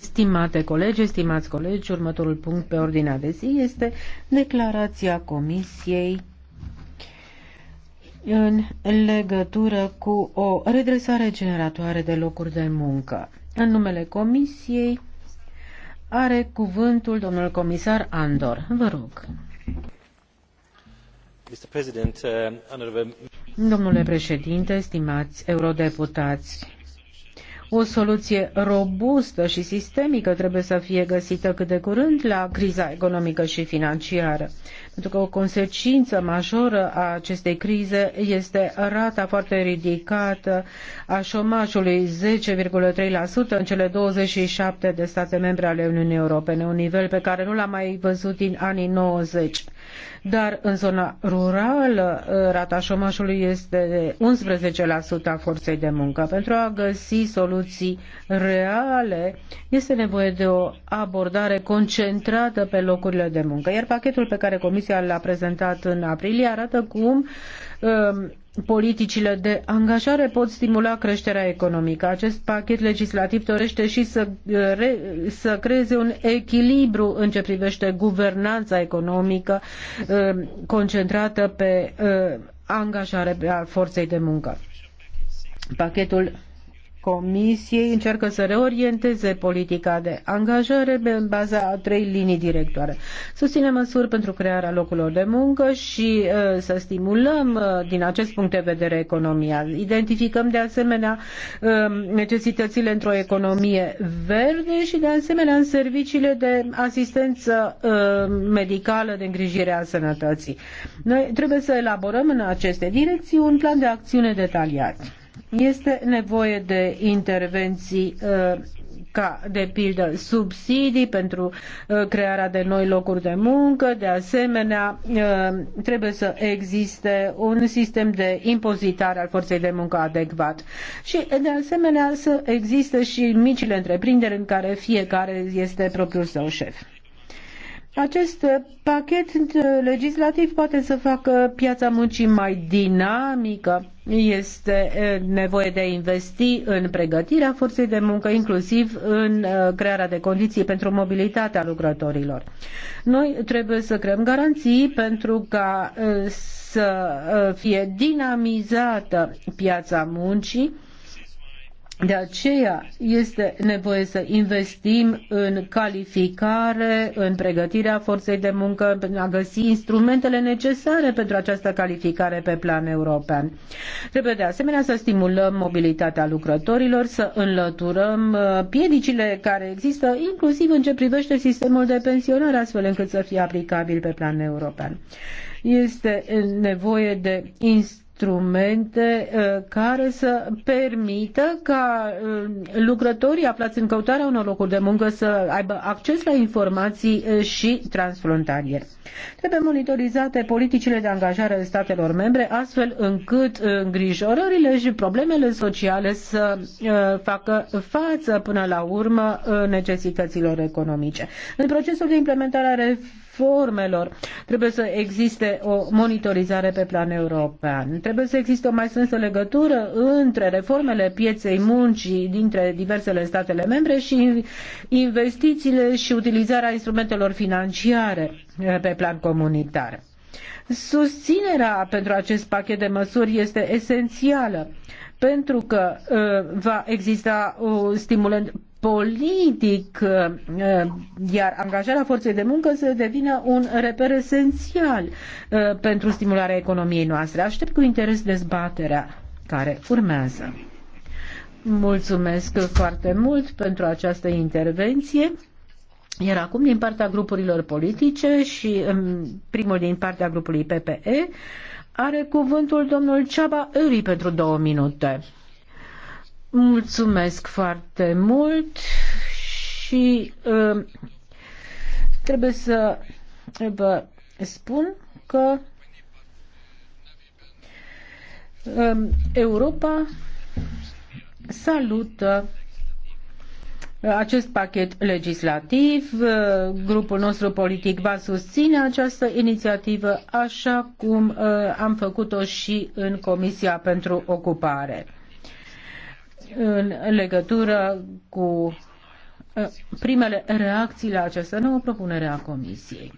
Stimate colegi, stimați colegi, următorul punct pe ordinea de zi este declarația Comisiei în legătură cu o redresare generatoare de locuri de muncă. În numele Comisiei are cuvântul domnul comisar Andor. Vă rog. Mr. President, uh, honorable... Domnule președinte, stimați eurodeputați, o soluție robustă și sistemică trebuie să fie găsită cât de curând la criza economică și financiară. Pentru că o consecință majoră a acestei crize este rata foarte ridicată a șomajului 10,3% în cele 27 de state membre ale Uniunii Europene, un nivel pe care nu l-am mai văzut din anii 90. Dar în zona rurală rata șomajului este de 11% a forței de muncă. Pentru a găsi soluții reale este nevoie de o abordare concentrată pe locurile de muncă. Iar pachetul pe care Comisia Comisia l-a prezentat în aprilie arată cum um, politicile de angajare pot stimula creșterea economică. Acest pachet legislativ dorește și să, uh, re, să creeze un echilibru în ce privește guvernanța economică um, concentrată pe uh, angajare a forței de muncă. Pachetul Comisiei încearcă să reorienteze politica de angajare pe baza a trei linii directoare. Susține măsuri pentru crearea locurilor de muncă și uh, să stimulăm uh, din acest punct de vedere economia. Identificăm de asemenea uh, necesitățile într-o economie verde și de asemenea în serviciile de asistență medicală de îngrijire a sănătății. Noi trebuie să elaborăm în aceste direcții un plan de acțiune detaliat. Este nevoie de intervenții uh, ca de pildă subsidii pentru uh, crearea de noi locuri de muncă. De asemenea, uh, trebuie să existe un sistem de impozitare al forței de muncă adecvat. Și de asemenea să existe și micile întreprinderi în care fiecare este propriul său șef. Acest pachet legislativ poate să facă piața muncii mai dinamică, este nevoie de a investi în pregătirea forței de muncă, inclusiv în crearea de condiții pentru mobilitatea lucrătorilor. Noi trebuie să creăm garanții pentru ca să fie dinamizată piața muncii de aceea este nevoie să investim în calificare, în pregătirea forței de muncă, în a găsi instrumentele necesare pentru această calificare pe plan european. Trebuie de asemenea să stimulăm mobilitatea lucrătorilor, să înlăturăm uh, piedicile care există, inclusiv în ce privește sistemul de pensionare, astfel încât să fie aplicabil pe plan european. Este nevoie de instrumente instrumente uh, care să permită ca uh, lucrătorii aflați în căutarea unor locuri de muncă să aibă acces la informații uh, și transfrontalier. Trebuie monitorizate politicile de angajare ale statelor membre astfel încât îngrijorările și problemele sociale să facă față până la urmă necesităților economice. În procesul de implementare a formelor. Trebuie să existe o monitorizare pe plan european. Trebuie să existe o mai strânsă legătură între reformele pieței muncii dintre diversele statele membre și investițiile și utilizarea instrumentelor financiare eh, pe plan comunitar. Susținerea pentru acest pachet de măsuri este esențială pentru că eh, va exista un stimulant politic, uh, uh, iar angajarea forței de muncă să devină un reper esențial uh, pentru stimularea economiei noastre. Aștept cu interes dezbaterea care urmează. Mulțumesc foarte mult pentru această intervenție. Iar acum, din partea grupurilor politice și um, primul din partea grupului PPE, are cuvântul domnul Ceaba Uri pentru două minute. Mulțumesc foarte mult și uh, trebuie să vă spun că uh, Europa salută uh, acest pachet legislativ. Uh, grupul nostru politic va susține această inițiativă așa cum uh, am făcut-o și în Comisia pentru Ocupare în legătură cu uh, primele reacții la această nouă propunere a Comisiei.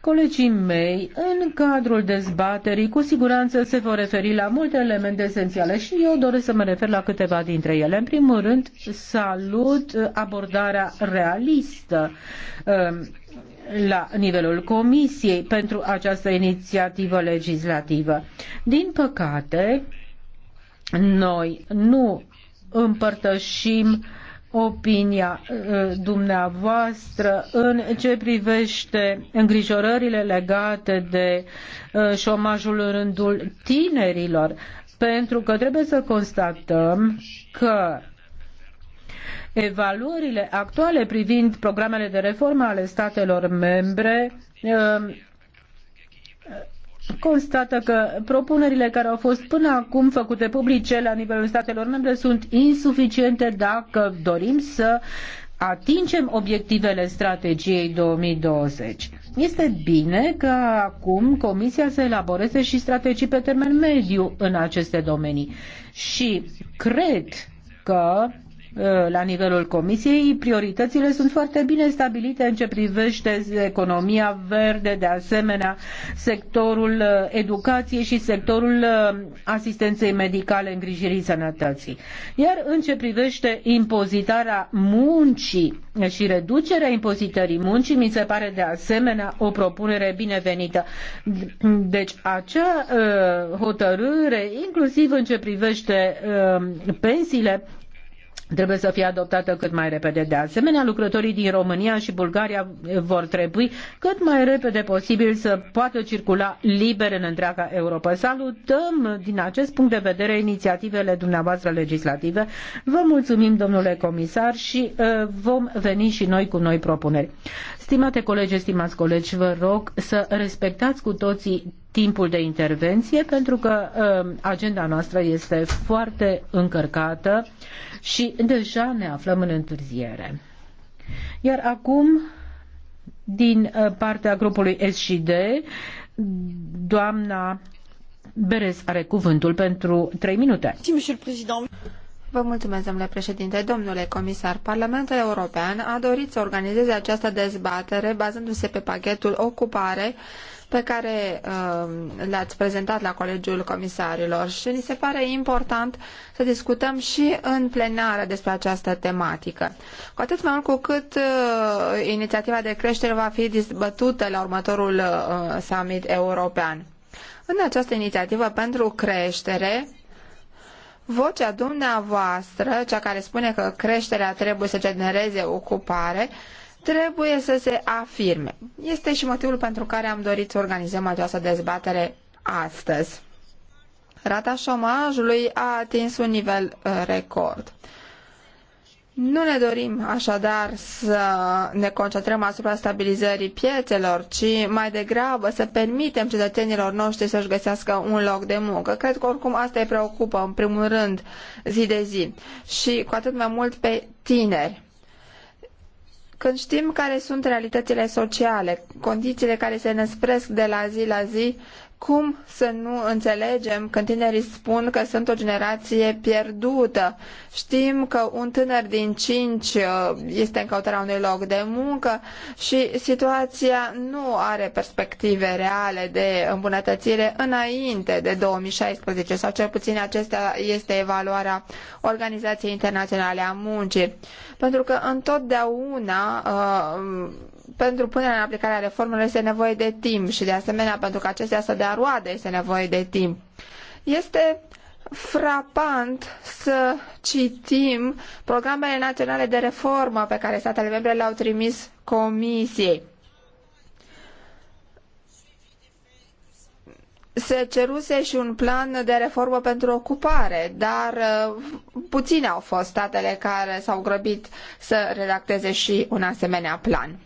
Colegii mei, în cadrul dezbaterii, cu siguranță se vor referi la multe elemente esențiale și eu doresc să mă refer la câteva dintre ele. În primul rând, salut abordarea realistă um, la nivelul Comisiei pentru această inițiativă legislativă. Din păcate, noi nu împărtășim opinia uh, dumneavoastră în ce privește îngrijorările legate de uh, șomajul în rândul tinerilor, pentru că trebuie să constatăm că evaluările actuale privind programele de reformă ale statelor membre uh, constată că propunerile care au fost până acum făcute publice la nivelul statelor membre sunt insuficiente dacă dorim să atingem obiectivele strategiei 2020. Este bine că acum Comisia să elaboreze și strategii pe termen mediu în aceste domenii și cred că Uh, la nivelul Comisiei, prioritățile sunt foarte bine stabilite în ce privește economia verde, de asemenea sectorul uh, educației și sectorul uh, asistenței medicale, îngrijirii sănătății. Iar în ce privește impozitarea muncii și reducerea impozitării muncii, mi se pare de asemenea o propunere binevenită. Deci acea hotărâre, inclusiv în ce privește pensiile, trebuie să fie adoptată cât mai repede. De asemenea, lucrătorii din România și Bulgaria vor trebui cât mai repede posibil să poată circula liber în întreaga Europa. Salutăm din acest punct de vedere inițiativele dumneavoastră legislative. Vă mulțumim, domnule comisar, și uh, vom veni și noi cu noi propuneri. Stimate colegi, stimați colegi, vă rog să respectați cu toții timpul de intervenție pentru că uh, agenda noastră este foarte încărcată și deja ne aflăm în întârziere. Iar acum, din uh, partea grupului S doamna Beres are cuvântul pentru 3 minute. Mulțumesc, Vă mulțumesc, domnule președinte. Domnule comisar, Parlamentul European a dorit să organizeze această dezbatere bazându-se pe pachetul ocupare pe care uh, l-ați prezentat la Colegiul Comisarilor și ni se pare important să discutăm și în plenară despre această tematică. Cu atât mai mult cu cât uh, inițiativa de creștere va fi dezbătută la următorul uh, summit european. În această inițiativă pentru creștere, Vocea dumneavoastră, cea care spune că creșterea trebuie să genereze ocupare, trebuie să se afirme. Este și motivul pentru care am dorit să organizăm această dezbatere astăzi. Rata șomajului a atins un nivel uh, record. Nu ne dorim așadar să ne concentrăm asupra stabilizării piețelor, ci mai degrabă să permitem cetățenilor noștri să-și găsească un loc de muncă. Cred că oricum asta îi preocupă în primul rând zi de zi și cu atât mai mult pe tineri. Când știm care sunt realitățile sociale, condițiile care se năspresc de la zi la zi, cum să nu înțelegem când tinerii spun că sunt o generație pierdută? Știm că un tânăr din cinci uh, este în căutarea unui loc de muncă și situația nu are perspective reale de îmbunătățire înainte de 2016 sau cel puțin acesta este evaluarea Organizației Internaționale a Muncii. Pentru că întotdeauna uh, pentru punerea în aplicare a reformelor este nevoie de timp și de asemenea pentru că acestea să dea roade este nevoie de timp. Este frapant să citim programele naționale de reformă pe care statele membre le-au trimis comisiei. Se ceruse și un plan de reformă pentru ocupare, dar uh, puține au fost statele care s-au grăbit să redacteze și un asemenea plan.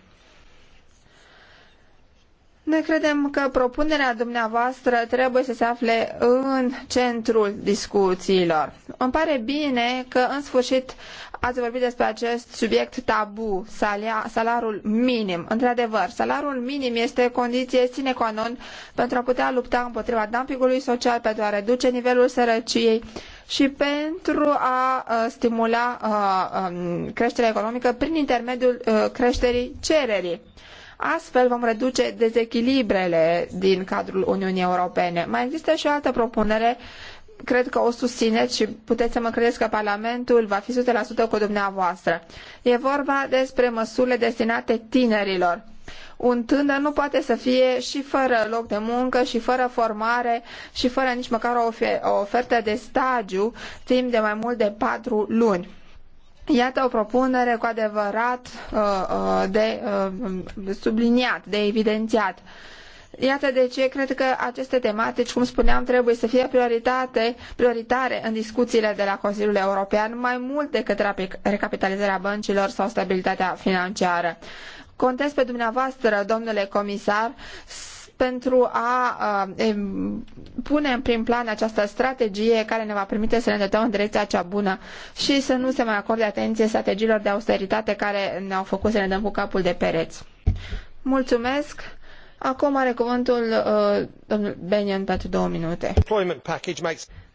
Noi credem că propunerea dumneavoastră trebuie să se afle în centrul discuțiilor. Îmi pare bine că, în sfârșit, ați vorbit despre acest subiect tabu, salariul minim. Într-adevăr, salariul minim este condiție sine qua non pentru a putea lupta împotriva dumpingului social, pentru a reduce nivelul sărăciei și pentru a uh, stimula uh, um, creșterea economică prin intermediul uh, creșterii cererii. Astfel vom reduce dezechilibrele din cadrul Uniunii Europene. Mai există și o altă propunere cred că o susțineți și puteți să mă credeți că Parlamentul va fi 100% cu dumneavoastră. E vorba despre măsurile destinate tinerilor. Un tânăr nu poate să fie și fără loc de muncă, și fără formare, și fără nici măcar o, ofertă de stagiu timp de mai mult de patru luni. Iată o propunere cu adevărat uh, uh, de uh, subliniat, de evidențiat. Iată de ce cred că aceste tematici, cum spuneam, trebuie să fie prioritate, prioritare în discuțiile de la Consiliul European, mai mult decât recapitalizarea băncilor sau stabilitatea financiară. Contez pe dumneavoastră, domnule comisar, pentru a pune în prim plan această strategie care ne va permite să ne dătăm în direcția cea bună și să nu se mai acorde atenție strategiilor de austeritate care ne-au făcut să ne dăm cu capul de pereți. Mulțumesc! Acum are cuvântul uh, domnul Benion pentru două minute.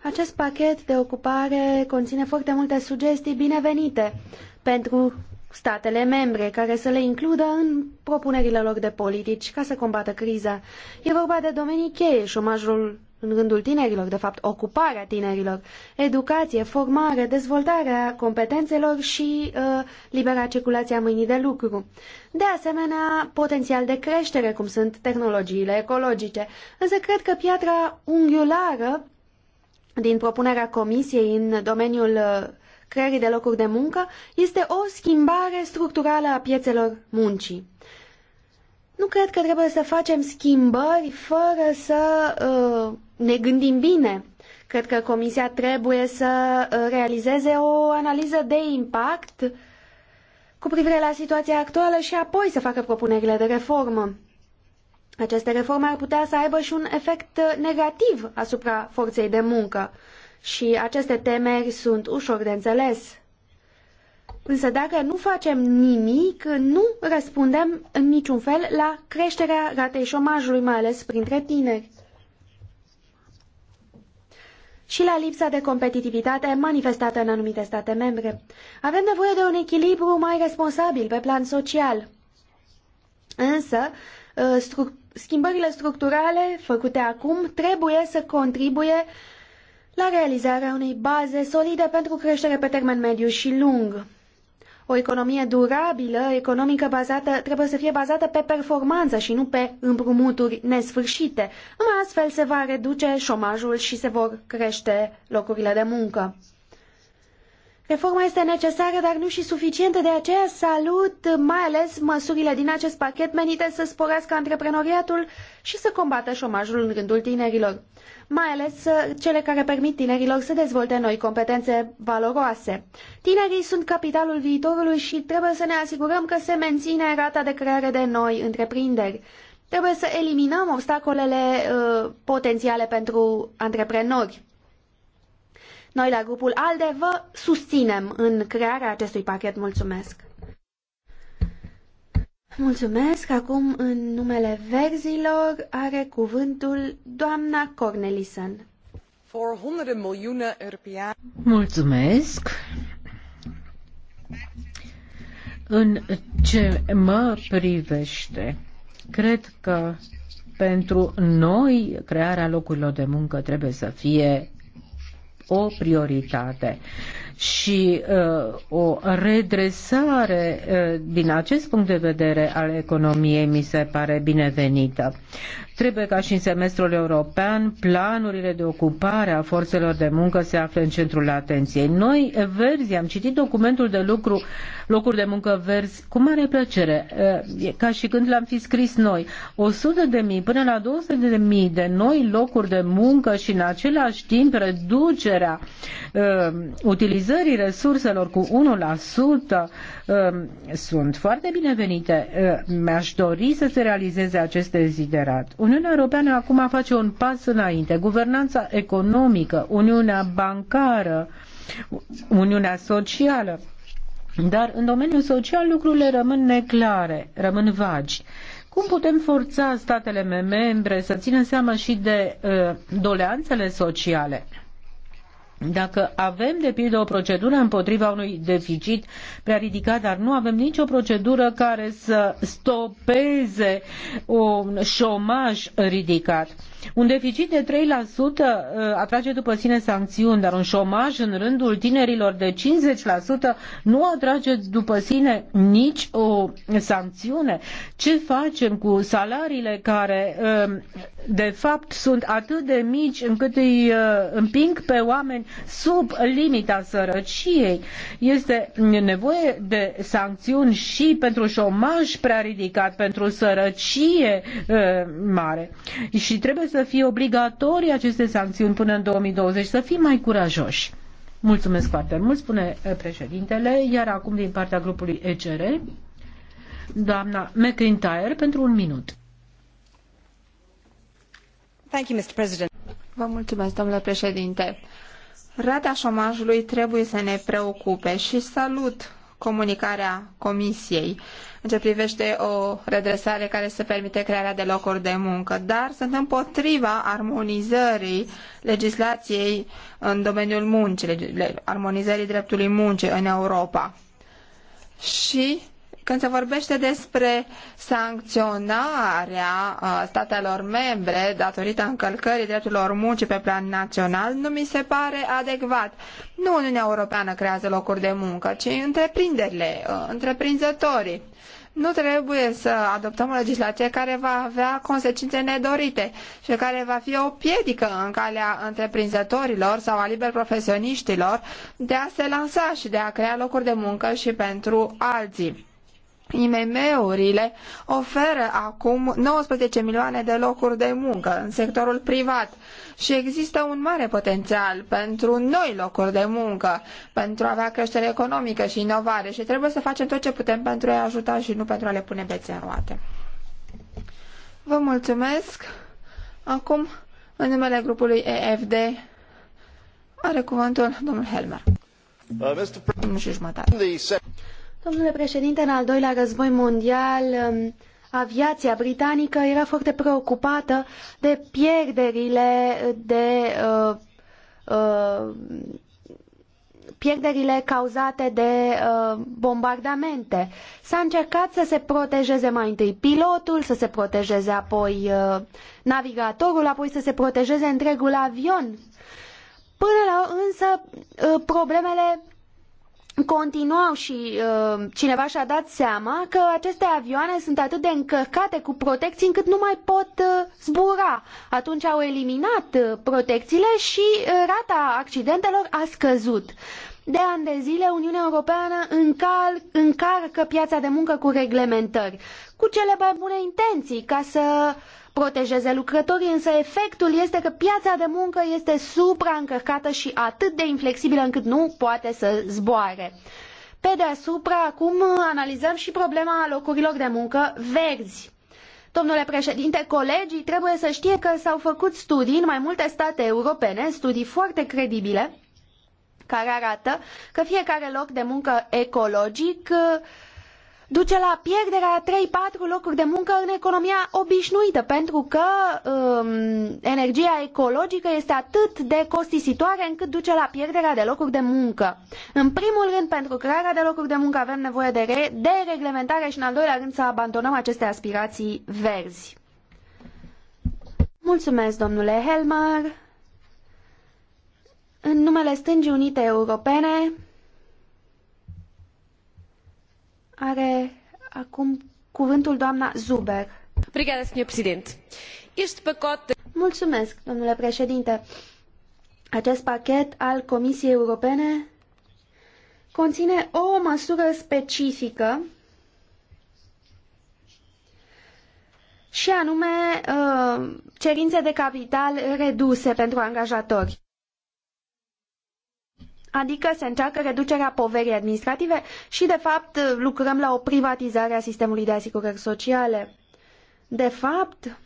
Acest pachet de ocupare conține foarte multe sugestii binevenite pentru statele membre, care să le includă în propunerile lor de politici ca să combată criza. E vorba de domenii cheie, șomajul în rândul tinerilor, de fapt ocuparea tinerilor, educație, formare, dezvoltarea competențelor și uh, libera circulație a mâinii de lucru. De asemenea, potențial de creștere, cum sunt tehnologiile ecologice. Însă cred că piatra unghiulară din propunerea Comisiei în domeniul uh, creării de locuri de muncă este o schimbare structurală a piețelor muncii. Nu cred că trebuie să facem schimbări fără să uh, ne gândim bine. Cred că Comisia trebuie să uh, realizeze o analiză de impact cu privire la situația actuală și apoi să facă propunerile de reformă. Aceste reforme ar putea să aibă și un efect uh, negativ asupra forței de muncă. Uh, și aceste temeri sunt ușor de înțeles. Însă dacă nu facem nimic, nu răspundem în niciun fel la creșterea ratei șomajului, mai ales printre tineri. Și la lipsa de competitivitate manifestată în anumite state membre. Avem nevoie de un echilibru mai responsabil pe plan social. Însă, ă, stru schimbările structurale făcute acum trebuie să contribuie uh, la realizarea unei baze solide pentru creștere pe termen mediu și lung. O economie durabilă, economică bazată, trebuie să fie bazată pe performanță și nu pe împrumuturi nesfârșite. Numai astfel se va reduce șomajul și se vor crește locurile de muncă. Reforma este necesară, dar nu și suficientă, de aceea salut mai ales măsurile din acest pachet menite să sporească antreprenoriatul și să combată șomajul în rândul tinerilor mai ales uh, cele care permit tinerilor să dezvolte noi competențe valoroase. Tinerii sunt capitalul viitorului și trebuie să ne asigurăm că se menține rata de creare de noi întreprinderi. Trebuie să eliminăm obstacolele uh, potențiale pentru antreprenori. Noi la grupul ALDE vă susținem în crearea acestui pachet. Mulțumesc! Mulțumesc. Acum, în numele verzilor, are cuvântul doamna Cornelison. Mulțumesc. În ce mă privește, cred că pentru noi crearea locurilor de muncă trebuie să fie o prioritate și uh, o redresare uh, din acest punct de vedere al economiei mi se pare binevenită. Trebuie ca și în semestrul european planurile de ocupare a forțelor de muncă se află în centrul atenției. Noi, verzi, am citit documentul de lucru, locuri de muncă verzi, cu mare plăcere, uh, ca și când l-am fi scris noi. 100 de mii până la 200 de mii de noi locuri de muncă și în același timp reducerea uh, utilizării utilizării resurselor cu 1% um, sunt foarte binevenite. Uh, mi-aș dori să se realizeze acest deziderat. Uniunea Europeană acum face un pas înainte. Guvernanța economică, Uniunea bancară, Uniunea socială. Dar în domeniul social lucrurile rămân neclare, rămân vagi. Cum putem forța statele membre să țină seama și de uh, doleanțele sociale? Dacă avem, de pildă, o procedură împotriva unui deficit prea ridicat, dar nu avem nicio procedură care să stopeze un șomaj ridicat, un deficit de 3% uh, atrage după sine sancțiuni, dar un șomaj în rândul tinerilor de 50% nu atrage după sine nici o sancțiune. Ce facem cu salariile care um, de fapt sunt atât de mici încât îi uh, împing pe oameni sub limita sărăciei? Este nevoie de sancțiuni și pentru șomaj prea ridicat, pentru sărăcie uh, mare. Și trebuie să fie obligatorii aceste sancțiuni până în 2020, să fim mai curajoși. Mulțumesc foarte mult, spune eh, președintele, iar acum din partea grupului ECR, doamna McIntyre, pentru un minut. Thank you, Mr. President. Vă mulțumesc, domnule președinte. Rata șomajului trebuie să ne preocupe și salut comunicarea Comisiei în ce privește o redresare care să permite crearea de locuri de muncă, dar sunt împotriva armonizării legislației în domeniul muncii, armonizării dreptului muncii în Europa. Și când se vorbește despre sancționarea uh, statelor membre datorită încălcării drepturilor muncii pe plan național, nu mi se pare adecvat. Nu Uniunea Europeană creează locuri de muncă, ci întreprinderile, uh, întreprinzătorii. Nu trebuie să adoptăm o legislație care va avea consecințe nedorite și care va fi o piedică în calea întreprinzătorilor sau a liber profesioniștilor de a se lansa și de a crea locuri de muncă și pentru alții. IMM-urile oferă acum 19 milioane de locuri de muncă în sectorul privat și există un mare potențial pentru noi locuri de muncă, pentru a avea creștere economică și inovare și trebuie să facem tot ce putem pentru a-i ajuta și nu pentru a le pune bețe în roate. Vă mulțumesc. Acum, în numele grupului EFD, are cuvântul domnul Helmer. Uh, Mr. Domnule președinte, în al doilea război mondial, um, aviația britanică era foarte preocupată de pierderile de uh, uh, pierderile cauzate de uh, bombardamente. S-a încercat să se protejeze mai întâi pilotul, să se protejeze apoi uh, navigatorul, apoi să se protejeze întregul avion. Până la însă, uh, problemele continuau și uh, cineva și-a dat seama că aceste avioane sunt atât de încărcate cu protecții încât nu mai pot uh, zbura. Atunci au eliminat uh, protecțiile și uh, rata accidentelor a scăzut. De ani de zile, Uniunea Europeană încal, încarcă piața de muncă cu reglementări, cu cele mai bune intenții, ca să uh, protejeze lucrătorii, însă efectul este că piața de muncă este supraîncărcată și atât de inflexibilă încât nu poate să zboare. Pe deasupra, acum analizăm și problema locurilor de muncă verzi. Domnule președinte, colegii trebuie să știe că s-au făcut studii în mai multe state europene, studii foarte credibile, care arată că fiecare loc de muncă ecologic uh, duce la pierderea trei patru locuri de muncă în economia obișnuită, pentru că um, energia ecologică este atât de costisitoare încât duce la pierderea de locuri de muncă. În primul rând, pentru crearea de locuri de muncă avem nevoie de, re- de reglementare și, în al doilea rând, să abandonăm aceste aspirații verzi. Mulțumesc, domnule Helmer. În numele Stângii Unite Europene, Are acum cuvântul doamna Zuber. Obrigada, senhor presidente. Este pacote... Mulțumesc, domnule președinte. Acest pachet al Comisiei Europene conține o măsură specifică și anume uh, cerințe de capital reduse pentru angajatori. Adică se încearcă reducerea poverii administrative și, de fapt, lucrăm la o privatizare a sistemului de asigurări sociale. De fapt,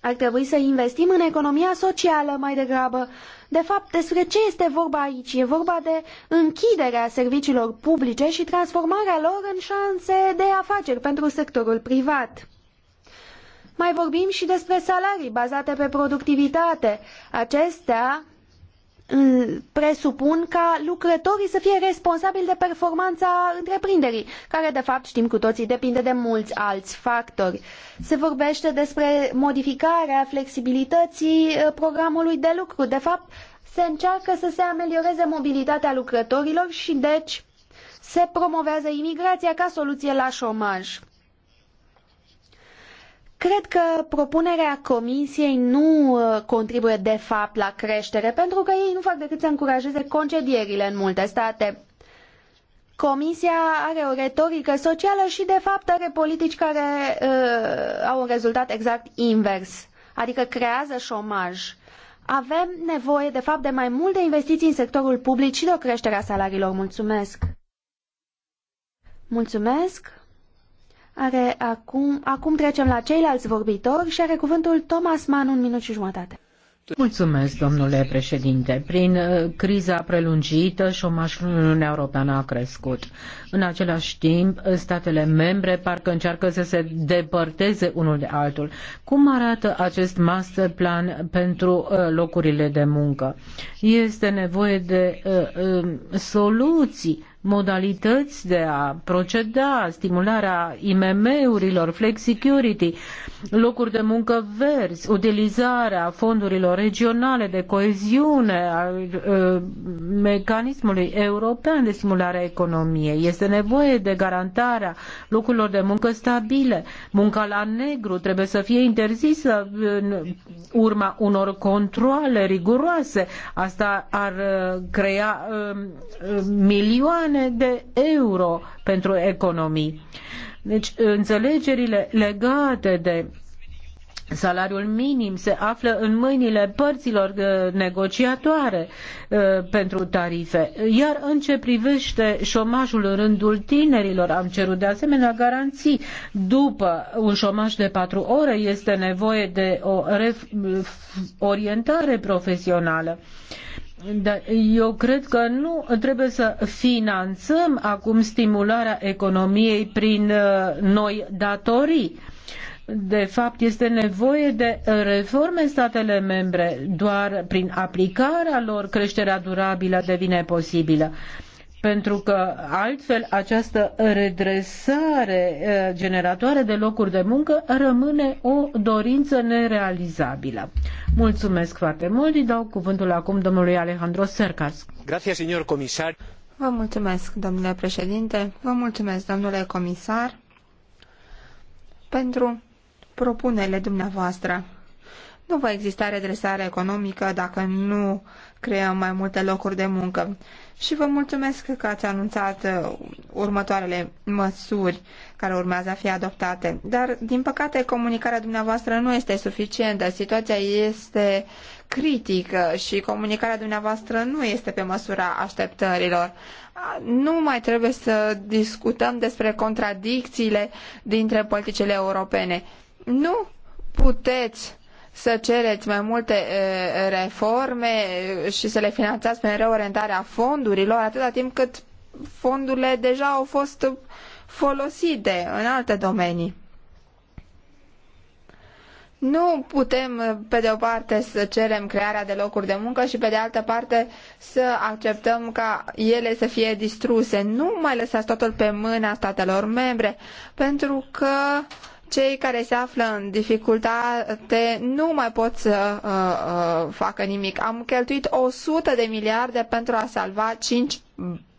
ar trebui să investim în economia socială mai degrabă. De fapt, despre ce este vorba aici? E vorba de închiderea serviciilor publice și transformarea lor în șanse de afaceri pentru sectorul privat. Mai vorbim și despre salarii bazate pe productivitate. Acestea presupun ca lucrătorii să fie responsabili de performanța întreprinderii, care de fapt știm cu toții depinde de mulți alți factori. Se vorbește despre modificarea flexibilității uh, programului de lucru. De fapt, se încearcă să se amelioreze mobilitatea lucrătorilor și deci se promovează imigrația ca soluție la șomaj. Cred că propunerea Comisiei nu uh, contribuie de fapt la creștere, pentru că ei nu fac decât să încurajeze concedierile în multe state. Comisia are o retorică socială și, de fapt, are politici care uh, au un rezultat exact invers, adică creează șomaj. Avem nevoie, de fapt, de mai multe investiții în sectorul public și de o creștere a salariilor. Mulțumesc! Mulțumesc! Are acum, acum trecem la ceilalți vorbitori și are cuvântul Thomas Mann, un minut și jumătate. Mulțumesc, domnule președinte. Prin uh, criza prelungită, șomajul în Uniunea Europeană a crescut. În același timp, statele membre parcă încearcă să se depărteze unul de altul. Cum arată acest master plan pentru uh, locurile de muncă? Este nevoie de uh, soluții modalități de a proceda, stimularea IMM-urilor, flexicurity, locuri de muncă verzi, utilizarea fondurilor regionale de coeziune, a, a, ă, mecanismului european de stimulare a economiei. Este nevoie de garantarea locurilor de muncă stabile. Munca la negru trebuie să fie interzisă în urma unor controle riguroase. Asta ar ă, crea a, ă, milioane milioane de euro pentru economii. Deci, înțelegerile legate de Salariul minim se află în mâinile părților uh, negociatoare uh, pentru tarife. Iar în ce privește șomajul în rândul tinerilor, am cerut de asemenea garanții. După un șomaj de patru ore este nevoie de o orientare profesională. Da, eu cred că nu trebuie să finanțăm acum stimularea economiei prin uh, noi datorii. De fapt, este nevoie de reforme în statele membre. Doar prin aplicarea lor creșterea durabilă devine posibilă pentru că altfel această redresare eh, generatoare de locuri de muncă rămâne o dorință nerealizabilă. Mulțumesc foarte mult. Îi dau cuvântul acum domnului Alejandro Sercas. Gracias, señor comisar. Vă mulțumesc, domnule președinte. Vă mulțumesc, domnule comisar, pentru propunerile dumneavoastră. Nu va exista redresare economică dacă nu creăm mai multe locuri de muncă. Și vă mulțumesc că ați anunțat uh, următoarele măsuri care urmează a fi adoptate. Dar, din păcate, comunicarea dumneavoastră nu este suficientă. Situația este critică și comunicarea dumneavoastră nu este pe măsura așteptărilor. Nu mai trebuie să discutăm despre contradicțiile dintre politicile europene. Nu puteți să cereți mai multe reforme și să le finanțați prin reorientarea fondurilor, atâta timp cât fondurile deja au fost folosite în alte domenii. Nu putem, pe de o parte, să cerem crearea de locuri de muncă și, pe de altă parte, să acceptăm ca ele să fie distruse. Nu mai lăsați totul pe mâna statelor membre, pentru că uh, cei care se află în dificultate nu mai pot să uh, uh, facă nimic. Am cheltuit 100 de miliarde pentru a salva 5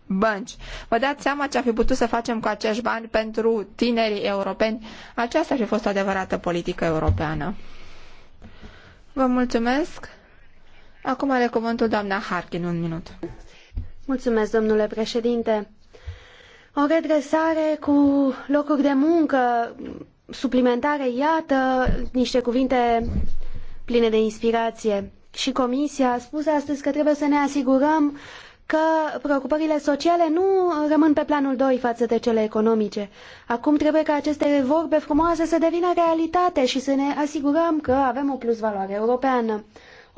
bănci. Vă dați seama ce am fi putut să facem cu acești bani pentru tinerii europeni? Aceasta ar fi fost o adevărată politică europeană. Vă mulțumesc. Acum are cuvântul doamna Harkin, un minut. Mulțumesc, domnule președinte. O redresare cu locuri de muncă suplimentare, iată niște cuvinte pline de inspirație. Și Comisia a spus astăzi că trebuie să ne asigurăm că preocupările sociale nu rămân pe planul doi față de cele economice. Acum trebuie ca aceste vorbe frumoase să devină realitate și să ne asigurăm că avem o plusvaloare europeană.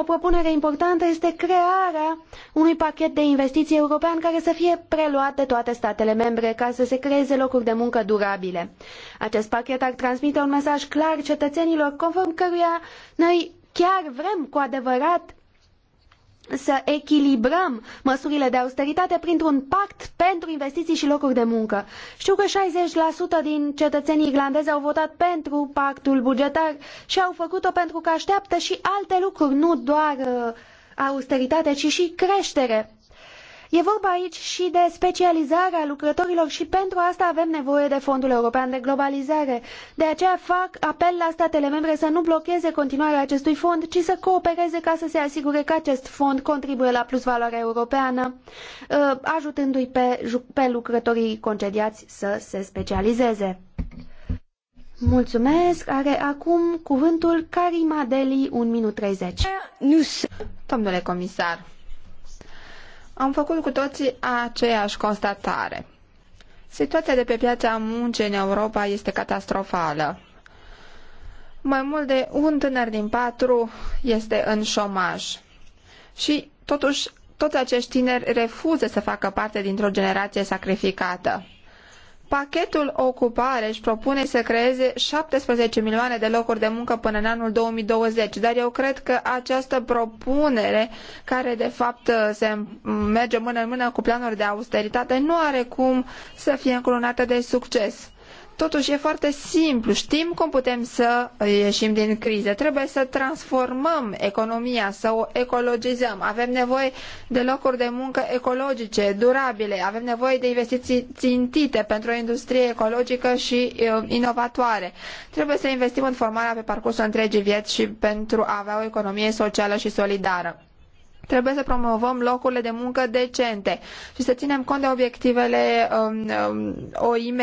O propunere importantă este crearea unui pachet de investiții european care să fie preluat de toate statele membre ca să se creeze locuri de muncă durabile. Acest pachet ar transmite un mesaj clar cetățenilor conform căruia noi chiar vrem cu adevărat să echilibrăm măsurile de austeritate printr-un pact pentru investiții și locuri de muncă. Știu că 60% din cetățenii irlandezi au votat pentru pactul bugetar și au făcut-o pentru că așteaptă și alte lucruri, nu doar uh, austeritate, ci și creștere. E vorba aici și de specializarea lucrătorilor și pentru asta avem nevoie de Fondul European de Globalizare. De aceea fac apel la statele membre să nu blocheze continuarea acestui fond, ci să coopereze ca să se asigure că acest fond contribuie la plusvaloarea europeană, uh, ajutându-i pe, pe lucrătorii concediați să se specializeze. Mulțumesc. Are acum cuvântul Karima Deli, 1 minut 30. Domnule comisar, am făcut cu toții aceeași constatare. Situația de pe piața muncii în Europa este catastrofală. Mai mult de un tânăr din patru este în șomaj. Și totuși, toți acești tineri refuză să facă parte dintr-o generație sacrificată. Pachetul ocupare își propune să creeze 17 milioane de locuri de muncă până în anul 2020, dar eu cred că această propunere, care de fapt uh, se merge mână în mână cu planuri de austeritate, nu are cum să fie încununată de succes. Totuși e foarte simplu, știm cum putem să ieșim din criză. Trebuie să transformăm economia, să o ecologizăm. Avem nevoie de locuri de muncă ecologice, durabile, avem nevoie de investiții țintite pentru o industrie ecologică și uh, inovatoare. Trebuie să investim în formarea pe parcursul întregii vieți și pentru a avea o economie socială și solidară. Trebuie să promovăm locurile de muncă decente și să ținem cont de obiectivele um, um, OIM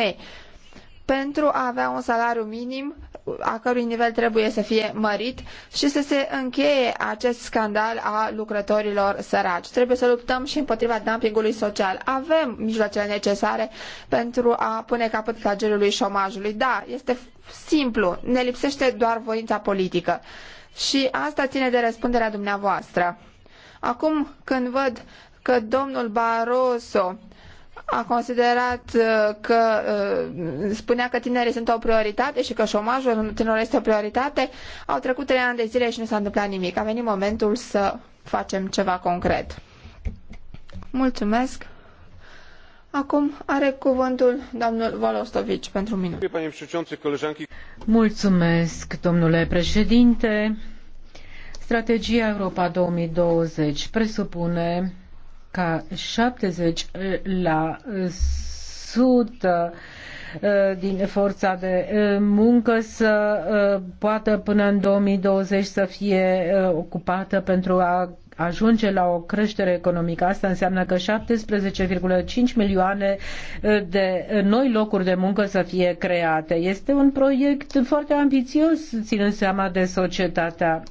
pentru a avea un salariu minim a cărui nivel trebuie să fie mărit și să se încheie acest scandal a lucrătorilor săraci. Trebuie să luptăm și împotriva dumpingului social. Avem mijloacele necesare pentru a pune capăt flagelului șomajului. Da, este simplu, ne lipsește doar voința politică. Și asta ține de răspunderea dumneavoastră. Acum când văd că domnul Barroso a considerat uh, că uh, spunea că tinerii sunt o prioritate și că șomajul tinerilor este o prioritate. Au trecut trei ani de zile și nu s-a întâmplat nimic. A venit momentul să facem ceva concret. Mulțumesc. Acum are cuvântul domnul Volostovici pentru minut. Mulțumesc, domnule președinte. Strategia Europa 2020 presupune ca 70 eh, la 100 eh, eh, din forța de muncă să poată până în 2020 să fie ocupată pentru a ajunge la o creștere economică. Asta înseamnă că 17,5 milioane de noi locuri de muncă să fie create. Este un proiect foarte ambițios, ținând seama de societatea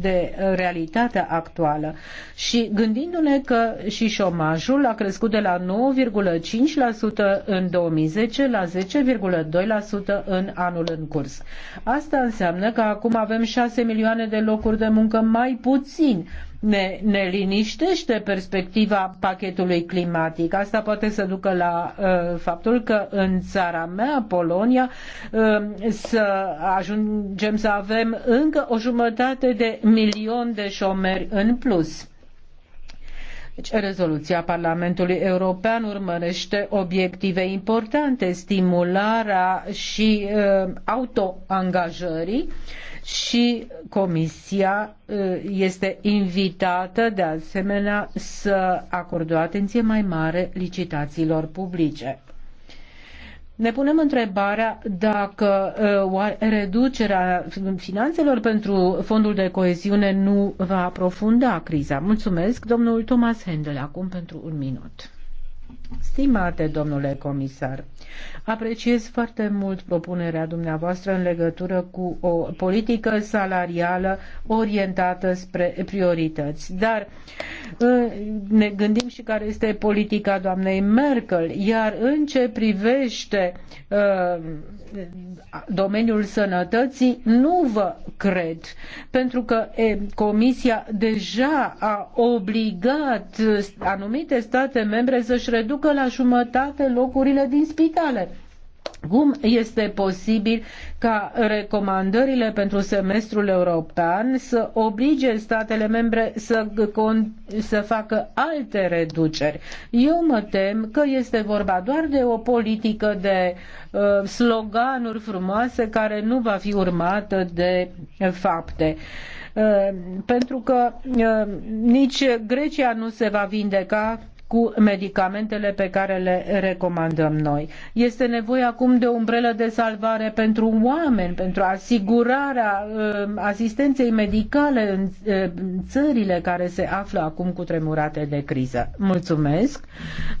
de realitatea actuală și gândindu-ne că și șomajul a crescut de la 9,5% în 2010 la 10,2% în anul în curs. Asta înseamnă că acum avem 6 milioane de locuri de muncă mai puțin ne, ne liniștește perspectiva pachetului climatic. Asta poate să ducă la uh, faptul că în țara mea, Polonia, uh, să ajungem să avem încă o jumătate de milion de șomeri în plus. Deci, rezoluția Parlamentului European urmărește obiective importante, stimularea și uh, autoangajării și Comisia uh, este invitată de asemenea să acorde o atenție mai mare licitațiilor publice ne punem întrebarea dacă uh, reducerea finanțelor pentru fondul de coeziune nu va aprofunda criza. Mulțumesc, domnul Thomas Hendel, acum pentru un minut. Stimate domnule comisar, Apreciez foarte mult propunerea dumneavoastră în legătură cu o politică salarială orientată spre priorități. Dar ă, ne gândim și care este politica doamnei Merkel, iar în ce privește ă, domeniul sănătății, nu vă cred, pentru că e, Comisia deja a obligat anumite state membre să-și reducă la jumătate locurile din spitale. Cum este posibil ca recomandările pentru semestrul european să oblige statele membre să, să facă alte reduceri? Eu mă tem că este vorba doar de o politică de uh, sloganuri frumoase care nu va fi urmată de fapte. Uh, pentru că uh, nici Grecia nu se va vindeca cu medicamentele pe care le recomandăm noi. Este nevoie acum de o umbrelă de salvare pentru oameni, pentru asigurarea uh, asistenței medicale în uh, țările care se află acum cu tremurate de criză. Mulțumesc.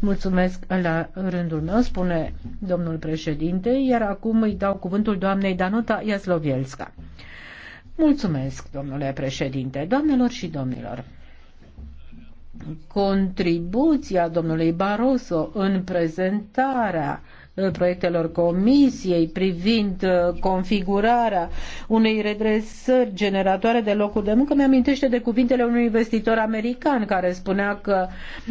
Mulțumesc la rândul meu, spune domnul președinte, iar acum îi dau cuvântul doamnei Danuta Iaslovielska. Mulțumesc, domnule președinte, doamnelor și domnilor contribuția domnului Barroso în prezentarea proiectelor comisiei privind uh, configurarea unei redresări generatoare de locuri de muncă mi-amintește de cuvintele unui investitor american care spunea că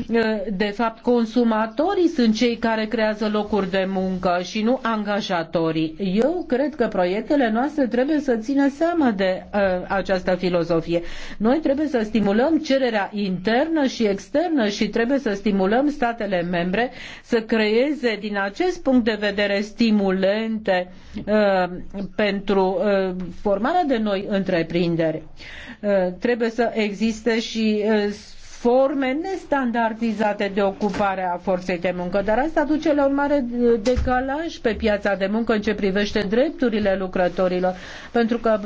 uh, de fapt consumatorii sunt cei care creează locuri de muncă și nu angajatorii. Eu cred că proiectele noastre trebuie să țină seama de uh, această filozofie. Noi trebuie să stimulăm cererea internă și externă și trebuie să stimulăm statele membre să creeze din acest punct de vedere stimulente uh, pentru uh, formarea de noi întreprinderi. Uh, trebuie să existe și forme nestandardizate de ocupare a forței de muncă, dar asta duce la un mare decalaj pe piața de muncă în ce privește drepturile lucrătorilor, pentru că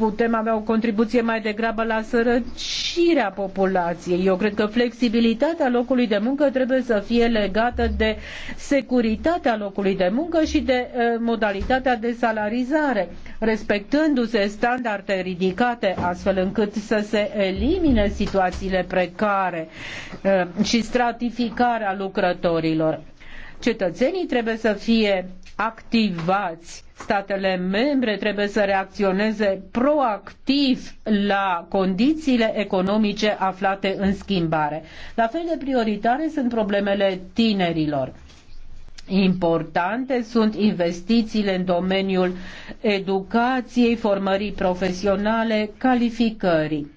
putem avea o contribuție mai degrabă la sărăcirea populației. Eu cred că flexibilitatea locului de muncă trebuie să fie legată de securitatea locului de muncă și de eh, modalitatea de salarizare, respectându-se standarde ridicate astfel încât să se elimine situațiile precare eh, și stratificarea lucrătorilor. Cetățenii trebuie să fie activați. Statele membre trebuie să reacționeze proactiv la condițiile economice aflate în schimbare. La fel de prioritare sunt problemele tinerilor. Importante sunt investițiile în domeniul educației, formării profesionale, calificării.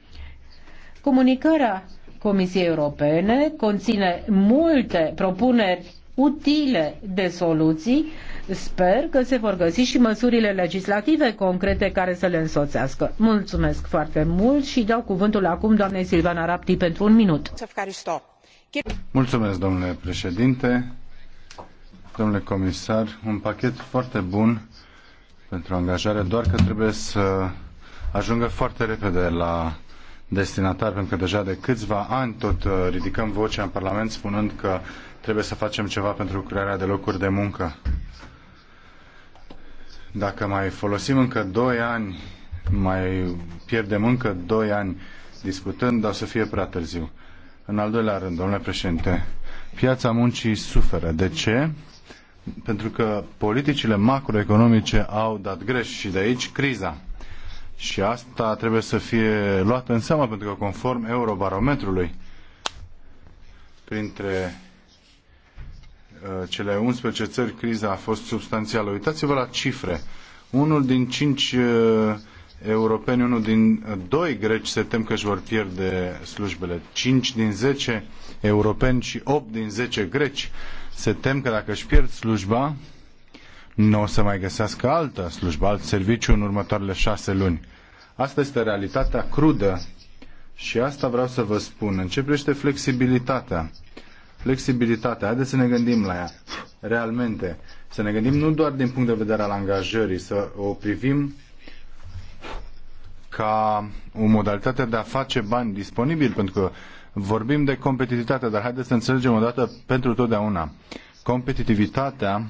Comunicarea Comisiei Europene conține multe propuneri utile de soluții. Sper că se vor găsi și măsurile legislative concrete care să le însoțească. Mulțumesc foarte mult și dau cuvântul acum doamnei Silvana Rapti pentru un minut. Mulțumesc, domnule președinte, domnule comisar. Un pachet foarte bun pentru angajare, doar că trebuie să ajungă foarte repede la destinatar, pentru că deja de câțiva ani tot uh, ridicăm vocea în Parlament spunând că Trebuie să facem ceva pentru crearea de locuri de muncă. Dacă mai folosim încă 2 ani, mai pierdem încă 2 ani discutând, dar o să fie prea târziu. În al doilea rând, domnule președinte, piața muncii suferă. De ce? Pentru că politicile macroeconomice au dat greș și de aici criza. Și asta trebuie să fie luată în seamă, pentru că conform Eurobarometrului, printre Uh, cele 11 țări, criza a fost substanțială. Uitați-vă la cifre. Unul din cinci uh, europeni, unul din uh, doi greci se tem că își vor pierde slujbele. Cinci din zece europeni și opt din zece greci se tem că dacă își pierd slujba, nu o să mai găsească altă slujbă, alt serviciu în următoarele șase luni. Asta este realitatea crudă și asta vreau să vă spun. În ce privește flexibilitatea, flexibilitatea, haideți să ne gândim la ea, realmente, să ne gândim nu doar din punct de vedere al angajării, să o privim ca o modalitate de a face bani disponibil, pentru că vorbim de competitivitate, dar haideți să înțelegem o dată pentru totdeauna. Competitivitatea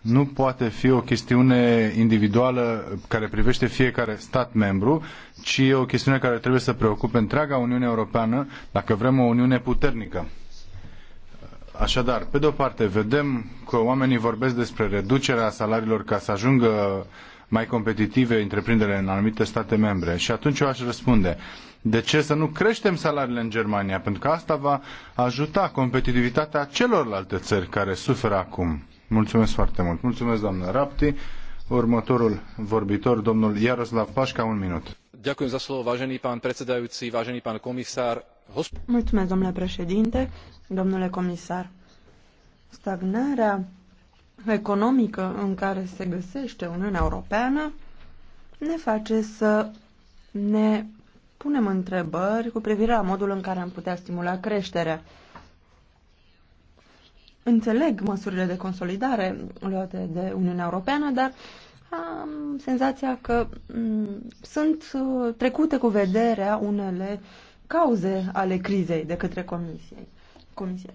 nu poate fi o chestiune individuală care privește fiecare stat membru, ci e o chestiune care trebuie să preocupe întreaga Uniune Europeană dacă vrem o Uniune puternică. Așadar, pe de o parte, vedem că oamenii vorbesc despre reducerea salariilor ca să ajungă mai competitive întreprinderile în anumite state membre. Și atunci eu aș răspunde, de ce să nu creștem salariile în Germania? Pentru că asta va ajuta competitivitatea celorlalte țări care suferă acum. Mulțumesc foarte mult. Mulțumesc, doamnă Rapti. Următorul vorbitor, domnul Iaroslav Pașca, un minut. Ďakujem za slovo, vážený pán predsedajúci, vážený pán komisár. Mulțumesc, domnule președinte, domnule comisar. Stagnarea economică în care se găsește Uniunea Europeană ne face să ne punem întrebări cu privire la modul în care am putea stimula creșterea. Înțeleg măsurile de consolidare luate de Uniunea Europeană, dar am senzația că mm, sunt uh, trecute cu vederea unele uh, cauze ale crizei de către Comisie. Comisie.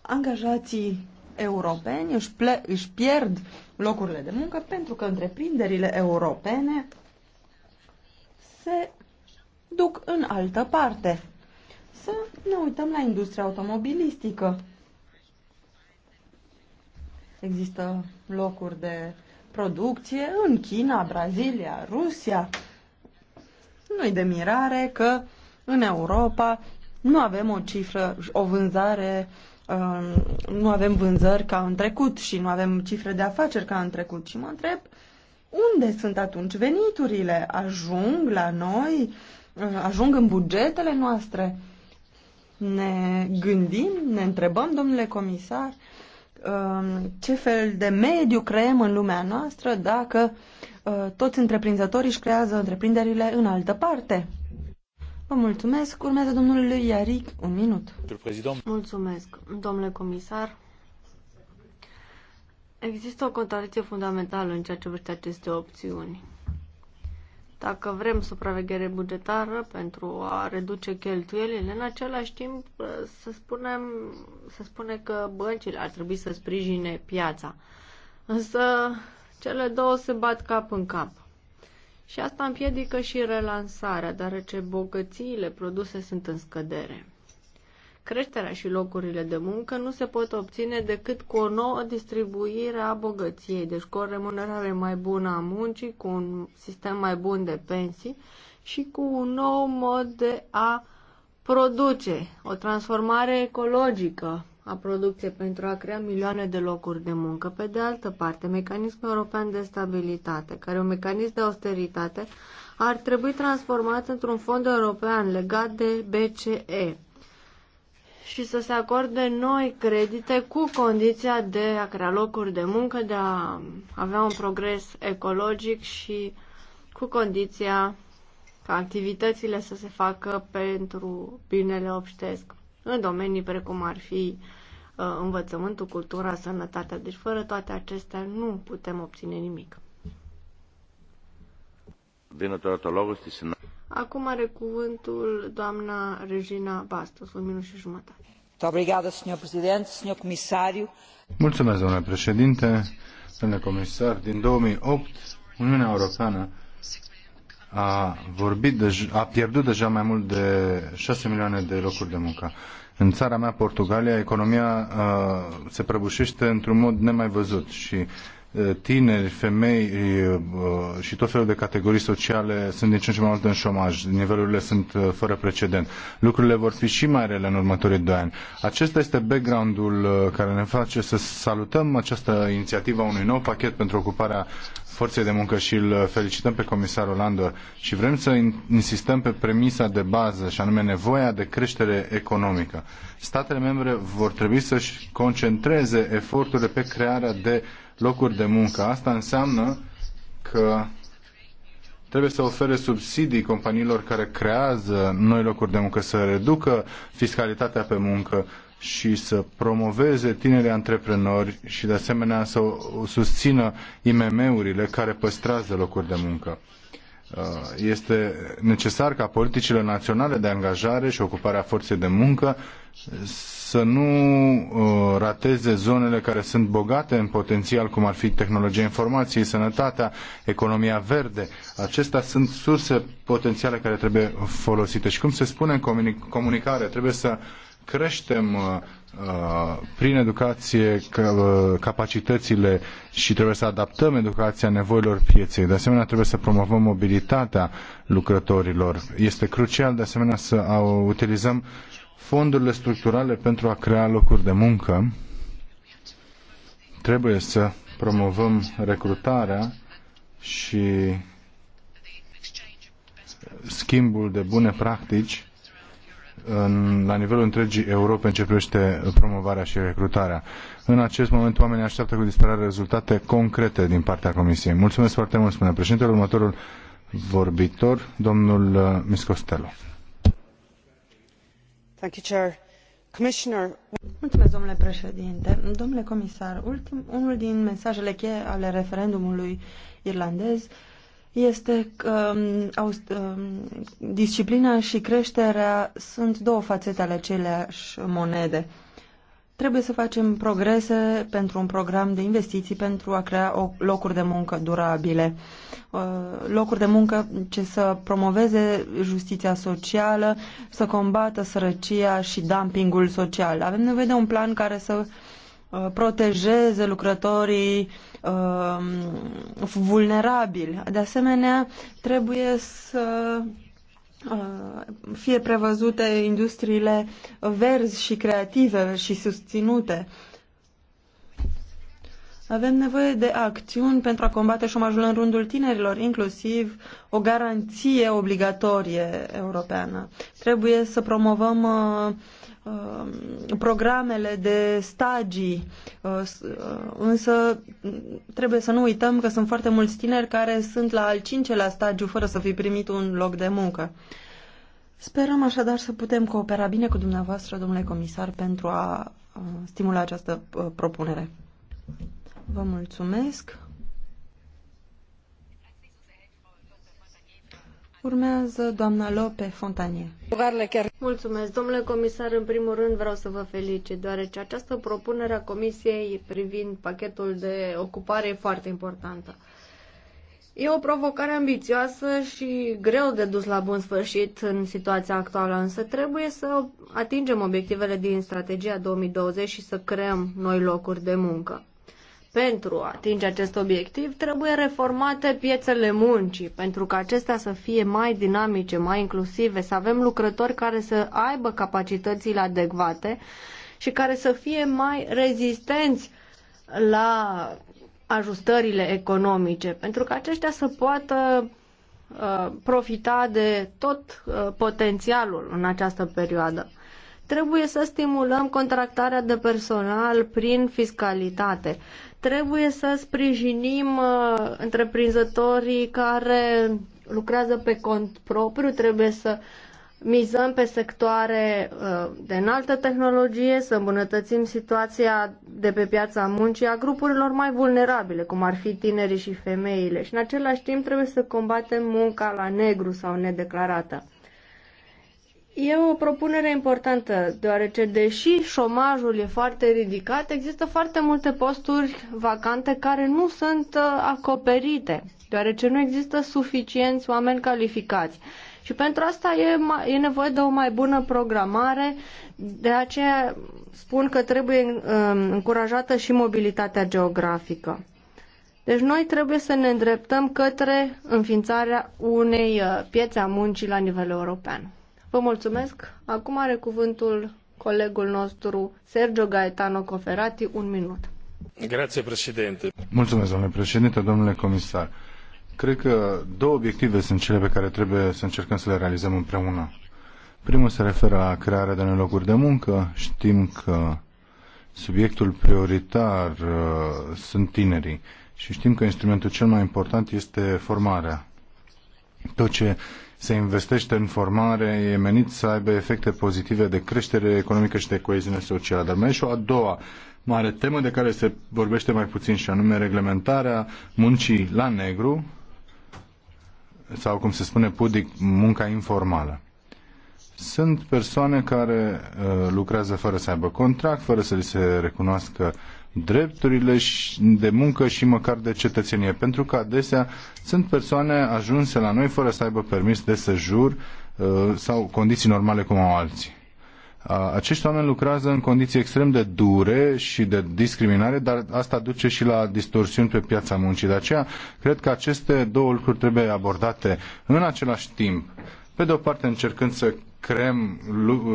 Angajații europeni își, ple- își pierd locurile de muncă pentru că întreprinderile europene se duc în altă parte. Să ne uităm la industria automobilistică. Există locuri de producție în China, Brazilia, Rusia. Nu-i de mirare că în Europa nu avem o cifră, o vânzare, um, nu avem vânzări ca în trecut și nu avem cifre de afaceri ca în trecut. Și mă întreb, unde sunt atunci veniturile? Ajung la noi? Uh, ajung în bugetele noastre? Ne gândim, ne întrebăm, domnule comisar, um, ce fel de mediu creăm în lumea noastră dacă uh, toți întreprinzătorii își creează întreprinderile în altă parte? Vă mulțumesc. Urmează domnul Iaric, un minut. Mulțumesc, domnule comisar. Există o contradicție fundamentală în ceea ce privește aceste opțiuni. Dacă vrem supraveghere bugetară pentru a reduce cheltuielile, în același timp să, spunem, să spune că băncile ar trebui să sprijine piața. Însă cele două se bat cap în cap. Și asta împiedică și relansarea, deoarece bogățiile produse sunt în scădere. Creșterea și locurile de muncă nu se pot obține decât cu o nouă distribuire a bogăției, deci cu o remunerare mai bună a muncii, cu un sistem mai bun de pensii și cu un nou mod de a produce, o transformare ecologică a producției pentru a crea milioane de locuri de muncă. Pe de altă parte, mecanismul european de stabilitate, care e un mecanism de austeritate, ar trebui transformat într-un fond european legat de BCE și să se acorde noi credite cu condiția de a crea locuri de muncă, de a avea un progres ecologic și cu condiția ca activitățile să se facă pentru binele obștesc în domenii precum ar fi uh, învățământul, cultura, sănătatea. Deci fără toate acestea nu putem obține nimic. Acum are cuvântul doamna Regina Bastos, un minut și jumătate. Mulțumesc, domnule președinte, domnule comisar. Din 2008, Uniunea Europeană a, vorbit de, a pierdut deja mai mult de 6 milioane de locuri de muncă. În țara mea, Portugalia, economia a, uh, se prăbușește într-un mod nemai văzut și a, uh, tineri, femei a, uh, și tot felul de categorii sociale sunt din ce în ce mai multe în șomaj. Nivelurile sunt a, fără precedent. Lucrurile vor fi și mai rele în următorii doi ani. Acesta este background-ul care ne face să salutăm această inițiativă a unui nou pachet pentru ocuparea forței de muncă și îl felicităm pe comisarul Andor și vrem să insistăm pe premisa de bază și anume nevoia de creștere economică. Statele membre vor trebui să-și concentreze eforturile pe crearea de locuri de muncă. Asta înseamnă că trebuie să ofere subsidii companiilor care creează noi locuri de muncă, să reducă fiscalitatea pe muncă, și să promoveze tinerii antreprenori și de asemenea să susțină IMM-urile care păstrează locuri de muncă. Uh, este necesar ca politicile naționale de angajare și ocuparea forței de muncă să nu uh, rateze zonele care sunt bogate în potențial, cum ar fi tehnologia informației, sănătatea, economia verde. Acestea sunt surse potențiale care trebuie folosite. Și cum se spune în comunicare, trebuie să creștem uh, uh, prin educație uh, capacitățile și trebuie să adaptăm educația nevoilor pieței. De asemenea, trebuie să promovăm mobilitatea lucrătorilor. Este crucial, de asemenea, să utilizăm fondurile structurale pentru a crea locuri de muncă. Trebuie să promovăm recrutarea și schimbul de bune practici în, la nivelul întregii Europe în ce privește promovarea și recrutarea. În acest moment oamenii așteaptă cu disperare rezultate concrete din partea Comisiei. Mulțumesc foarte mult, spune președintele. Următorul vorbitor, domnul uh, Miscostelo. Thank you, Chair. Commissioner... Mulțumesc, domnule președinte. Domnule comisar, ultim, unul din mesajele cheie ale referendumului irlandez uh, este că um, um, disciplina și creșterea sunt două fațete ale aceleași monede. Trebuie să facem progrese pentru un program de investiții pentru a crea o, locuri de muncă durabile. Uh, locuri de muncă ce să promoveze justiția socială, să combată sărăcia și dumpingul social. Avem nevoie de un plan care să uh, Uh, protejeze lucrătorii um, vulnerabili. De asemenea, trebuie să uh, fie prevăzute industriile verzi și creative și susținute. Avem nevoie de acțiuni pentru a combate șomajul în rândul tinerilor, inclusiv o garanție obligatorie europeană. Trebuie să promovăm uh, Um, programele de stagii, uh, uh, însă trebuie să nu uităm că sunt foarte mulți tineri care sunt la al cincelea stagiu fără să fi primit un loc de muncă. Sperăm așadar să putem coopera bine cu dumneavoastră, domnule comisar, pentru a uh, stimula această propunere. Vă mulțumesc. Urmează doamna Lope Fontanie. Mulțumesc, domnule comisar. În primul rând vreau să vă felicit, deoarece această propunere a Comisiei privind pachetul de ocupare e foarte importantă. E o provocare ambițioasă și greu de dus la bun sfârșit în situația actuală, însă trebuie să atingem obiectivele din strategia 2020 și să creăm noi locuri de muncă pentru a atinge acest obiectiv, trebuie reformate piețele muncii, pentru ca acestea să fie mai dinamice, mai inclusive, să avem lucrători care să aibă capacitățile adecvate și care să fie mai rezistenți la ajustările economice, pentru că aceștia să poată uh, profita de tot uh, potențialul în această perioadă trebuie să stimulăm contractarea de personal prin fiscalitate. Trebuie să sprijinim uh, întreprinzătorii care lucrează pe cont propriu, trebuie să mizăm pe sectoare uh, de înaltă tehnologie, să îmbunătățim situația de pe piața muncii a grupurilor mai vulnerabile, cum ar fi tinerii și femeile. Și în același timp trebuie să combatem munca la negru sau nedeclarată. E o propunere importantă, deoarece deși șomajul e foarte ridicat, există foarte multe posturi vacante care nu sunt uh, acoperite, deoarece nu există suficienți oameni calificați. Și pentru asta e, e nevoie de o mai bună programare, de aceea spun că trebuie uh, încurajată și mobilitatea geografică. Deci noi trebuie să ne îndreptăm către înființarea unei uh, piețe a muncii la nivel european. Vă mulțumesc. Acum are cuvântul colegul nostru Sergio Gaetano Coferati, un minut. Grazie, președinte. Mulțumesc, domnule președinte, domnule comisar. Cred că două obiective sunt cele pe care trebuie să încercăm să le realizăm împreună. Primul se referă la crearea de noi locuri de muncă. Știm că subiectul prioritar uh, sunt tinerii și știm că instrumentul cel mai important este formarea. Tot ce se investește în formare e menit să aibă efecte pozitive de creștere economică și de coeziune socială. Dar mai e și o a doua mare temă de care se vorbește mai puțin și anume reglementarea muncii la negru sau cum se spune pudic, munca informală. Sunt persoane care uh, lucrează fără să aibă contract, fără să li se recunoască drepturile de muncă și măcar de cetățenie, pentru că adesea sunt persoane ajunse la noi fără să aibă permis de sejur uh, sau condiții normale cum au alții. Acești oameni lucrează în condiții extrem de dure și de discriminare, dar asta duce și la distorsiuni pe piața muncii. De aceea, cred că aceste două lucruri trebuie abordate în același timp. Pe de o parte, încercând să creăm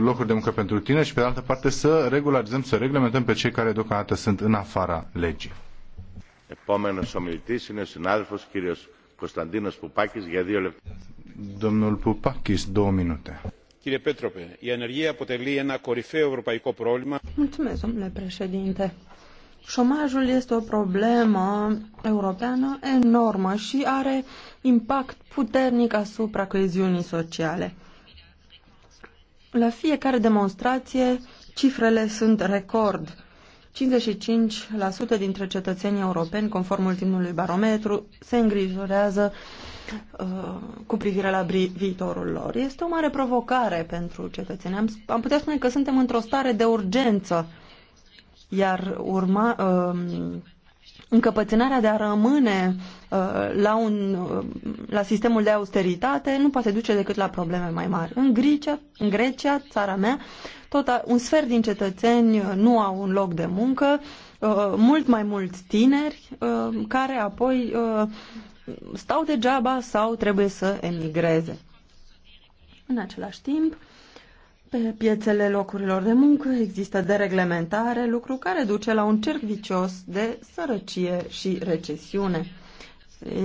locuri de muncă pentru tine și pe de altă parte să regularizăm, să reglementăm pe cei care deocamdată sunt în afara legii. Επόμενος ομιλητής είναι ο συνάδελφος κύριος Κωνσταντίνος Πουπάκης για δύο λεπτά. Domnul Πουπάκης, δύο μινούτε. Κύριε Πέτροπε, η ανεργία αποτελεί ένα κορυφαίο ευρωπαϊκό πρόβλημα. Mulțumesc, domnule președinte. Șomajul este o problemă europeană enormă și are impact puternic asupra coeziunii sociale. La fiecare demonstrație, cifrele sunt record. 55% dintre cetățenii europeni, conform ultimului barometru, se îngrijorează uh, cu privire la viitorul lor. Este o mare provocare pentru cetățeni. Am, am putea spune că suntem într-o stare de urgență, iar urma, uh, încăpățânarea de a rămâne uh, la, un, uh, la sistemul de austeritate nu poate duce decât la probleme mai mari. În Grecia, în Grecia țara mea, tot un sfert din cetățeni uh, nu au un loc de muncă, mult mai mulți tineri care apoi stau degeaba sau trebuie să emigreze. În același timp, pe piețele locurilor de muncă există dereglementare, lucru care duce la un cerc vicios de sărăcie și recesiune.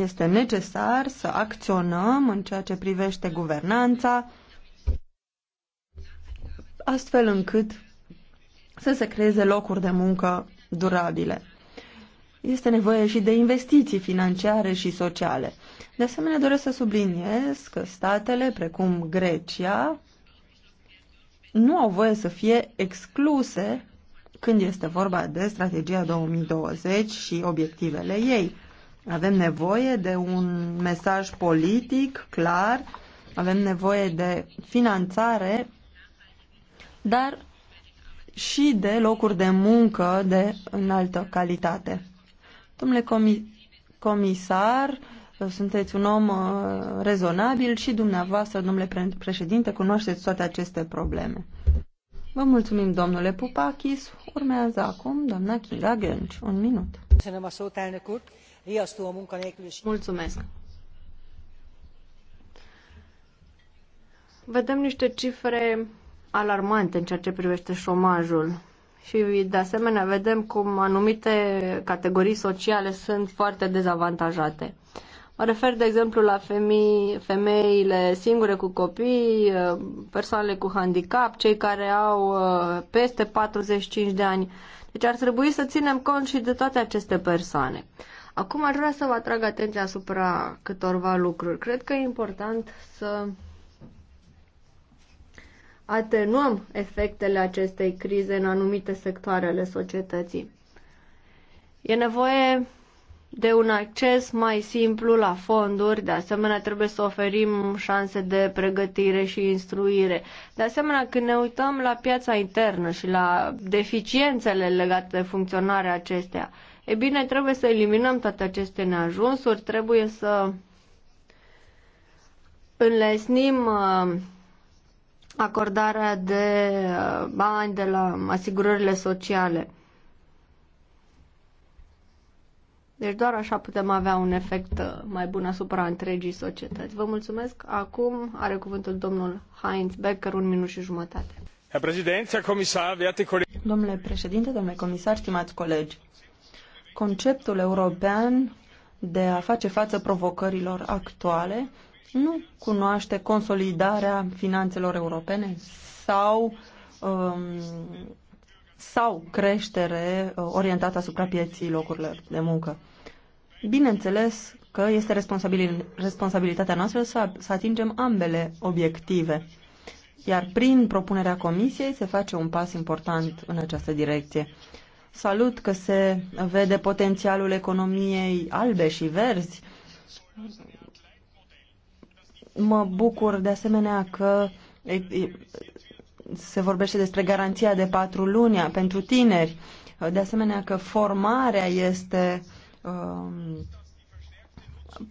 Este necesar să acționăm în ceea ce privește guvernanța, astfel încât să se creeze locuri de muncă durabile. Este nevoie și de investiții financiare și sociale. De asemenea, doresc să subliniez că statele precum Grecia, nu au voie să fie excluse când este vorba de strategia 2020 și obiectivele ei. Avem nevoie de un mesaj politic clar, avem nevoie de finanțare, dar și de locuri de muncă de înaltă calitate. Domnule comi comisar, sunteți un om uh, rezonabil și dumneavoastră, domnule președinte, cunoașteți toate aceste probleme. Vă mulțumim, domnule Pupakis. Urmează acum doamna Kinga Gönci. Un minut. Mulțumesc. Vedem niște cifre alarmante în ceea ce privește șomajul. Și, de asemenea, vedem cum anumite categorii sociale sunt foarte dezavantajate. Uh, Mă refer, de exemplu, la femei, femeile singure cu copii, persoanele cu handicap, cei care au uh, peste 45 de ani. Deci ar trebui să ținem cont și de toate aceste persoane. Acum aș vrea să vă atrag atenția asupra câtorva lucruri. Cred că e important să atenuăm efectele acestei crize în anumite sectoare ale societății. E nevoie de un acces mai simplu la fonduri, de asemenea trebuie să oferim șanse de pregătire și instruire. De asemenea, când ne uităm la piața internă și la deficiențele legate de funcționarea acestea, e bine, trebuie să eliminăm toate aceste neajunsuri, trebuie să înlesnim uh, acordarea de uh, bani de la asigurările sociale. Deci doar așa putem avea un efect uh, mai bun asupra întregii societăți. Vă mulțumesc. Acum are cuvântul domnul Heinz Becker, un minut și jumătate. Domnule președinte, domnule comisar, stimați colegi, conceptul european de a face față provocărilor actuale nu cunoaște consolidarea finanțelor europene sau, um, sau creștere uh, orientată asupra pieții locurilor de muncă. Bineînțeles că este responsabil, responsabilitatea noastră să, să atingem ambele obiective. Iar prin propunerea Comisiei se face un pas important în această direcție. Salut că se vede potențialul economiei albe și verzi. Mă bucur de asemenea că se vorbește despre garanția de patru luni pentru tineri. De asemenea că formarea este uh, uh,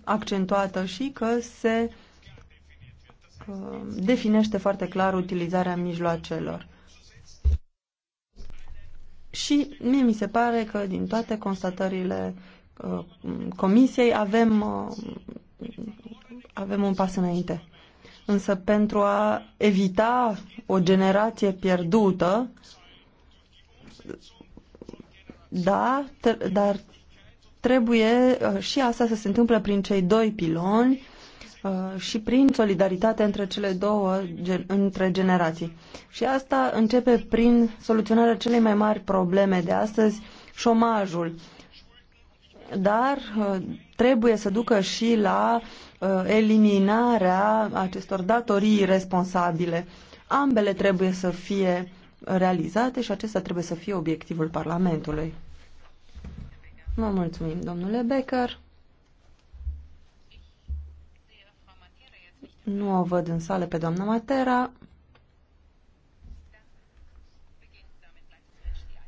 accentuată și că se uh, definește foarte clar utilizarea mijloacelor. Și mie mi se pare că din toate constatările uh, comisiei avem, uh, avem un pas înainte. Însă pentru a evita o generație pierdută, da, dar Trebuie uh, și asta să se întâmple prin cei doi piloni uh, și prin solidaritate între cele două între generații. Și asta începe prin soluționarea celei mai mari probleme de astăzi, șomajul. Dar uh, trebuie să ducă și la eliminarea acestor datorii responsabile. Ambele trebuie să fie realizate și acesta trebuie să fie obiectivul Parlamentului. Vă mulțumim, domnule Becker. Nu o văd în sală pe doamna Matera.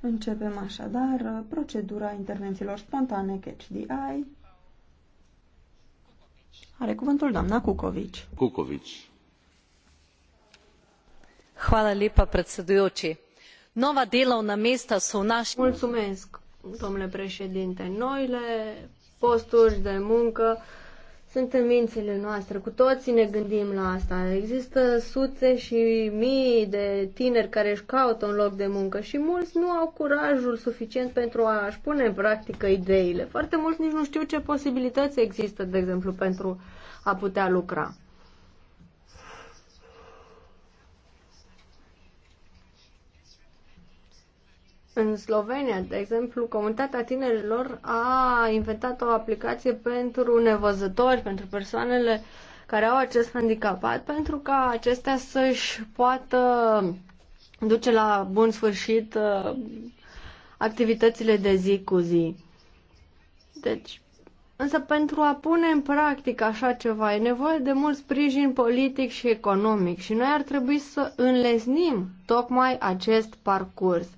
Începem așadar procedura intervențiilor spontane CHDI. Are cuvântul doamna Cucovici. Cucovici. Hvala lipa, predsedujoči. Nova delovna mesta so v naši... Mulțumesc, domnule președinte. Noile posturi de muncă sunt în mințile noastre. Cu toții ne gândim la asta. Există sute și mii de tineri care își caută un loc de muncă și mulți nu au curajul suficient pentru a-și pune în practică ideile. Foarte mulți nici nu știu ce posibilități există, de exemplu, pentru a putea lucra. În Slovenia, de exemplu, comunitatea tinerilor a inventat o aplicație pentru nevăzători, pentru persoanele care au acest handicapat, pentru ca acestea să-și poată duce la bun sfârșit uh, activitățile de zi cu zi. Deci, însă pentru a pune în practică așa ceva e nevoie de mult sprijin politic și economic și noi ar trebui să înlesnim tocmai acest parcurs –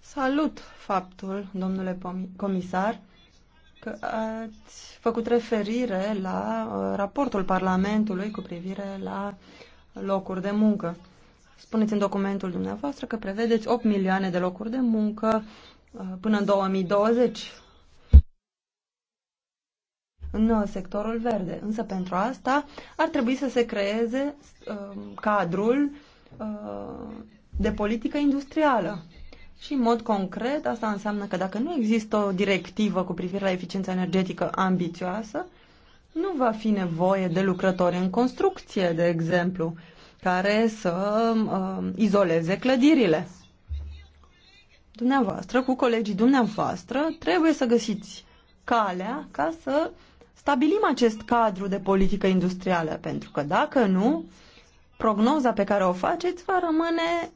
Salut faptul, domnule comisar, că ați făcut referire la uh, raportul Parlamentului cu privire la locuri de muncă. Spuneți în documentul dumneavoastră că prevedeți 8 milioane de locuri de muncă uh, până în 2020 în uh, sectorul verde. Însă pentru asta ar trebui să se creeze uh, cadrul uh, de politică industrială. Și în mod concret, asta înseamnă că dacă nu există o directivă cu privire la eficiența energetică ambițioasă, nu va fi nevoie de lucrători în construcție, de exemplu, care să uh, izoleze clădirile. Dumneavoastră, cu colegii dumneavoastră, trebuie să găsiți calea ca să stabilim acest cadru de politică industrială, pentru că dacă nu, prognoza pe care o faceți va rămâne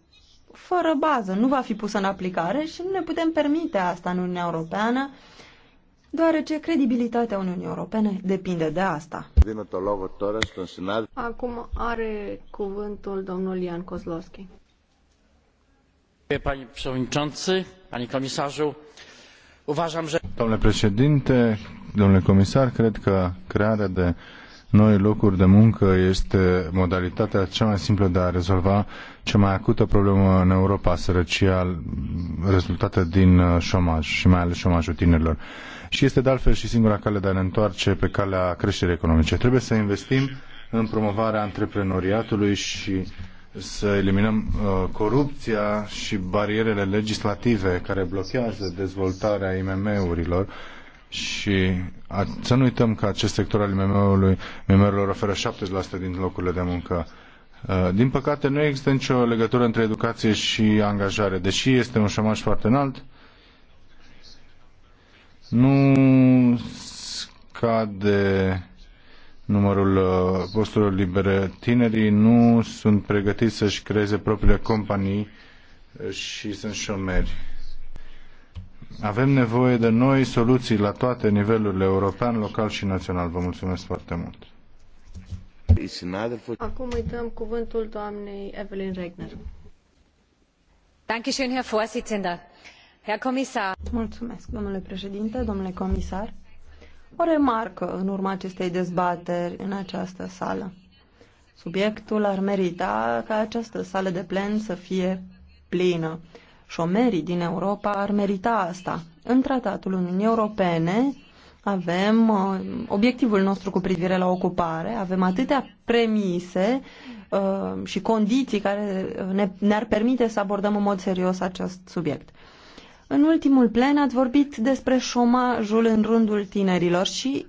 fără bază, nu va fi pusă în aplicare și nu ne putem permite asta în Uniunea Europeană, deoarece credibilitatea Uniunii Europene depinde de asta. Acum are cuvântul domnul Ian Kozlowski. Domnule președinte, domnule comisar, cred că crearea de noi locuri de muncă este modalitatea cea mai simplă de a rezolva cea mai acută problemă în Europa, sărăcia rezultată din uh, șomaj și mai ales șomajul tinerilor. Și este de altfel și singura cale de a ne întoarce pe calea creșterii economice. Trebuie să investim în promovarea antreprenoriatului și să eliminăm uh, corupția și barierele legislative care blochează dezvoltarea IMM-urilor și a, să nu uităm că acest sector al IMM-urilor oferă 70% din locurile de muncă Uh, din păcate, nu există nicio legătură între educație și angajare. Deși este un șomaj foarte înalt, nu scade numărul uh, posturilor libere. Tinerii nu sunt pregătiți să-și creeze propriile companii uh, și sunt șomeri. Avem nevoie de noi soluții la toate nivelurile, european, local și național. Vă mulțumesc foarte mult! Acum îi dăm cuvântul doamnei Evelyn Regner. Dankeschön, Herr Vorsitzender. Herr Kommissar. Mulțumesc, domnule președinte, domnule comisar. O remarcă în urma acestei dezbateri în această sală. Subiectul ar merita ca această sală de plen să fie plină. Șomerii din Europa ar merita asta. În tratatul Uniunii Europene avem uh, obiectivul nostru cu privire la ocupare, avem atâtea premise uh, și condiții care uh, ne, ne-ar permite să abordăm în mod serios acest subiect. În ultimul plen ați vorbit despre șomajul în rândul tinerilor și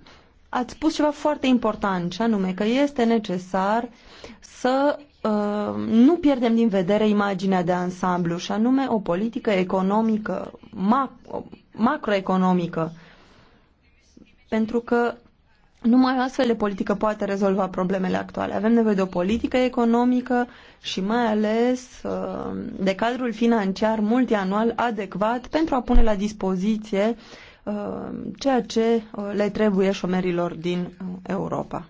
ați spus ceva foarte important, și anume că este necesar să uh, nu pierdem din vedere imaginea de ansamblu, și anume o politică economică, macroeconomică, pentru că numai o astfel de politică poate rezolva problemele actuale. Avem nevoie de o politică economică și mai ales uh, de cadrul financiar multianual adecvat pentru a pune la dispoziție uh, ceea ce uh, le trebuie șomerilor din Europa.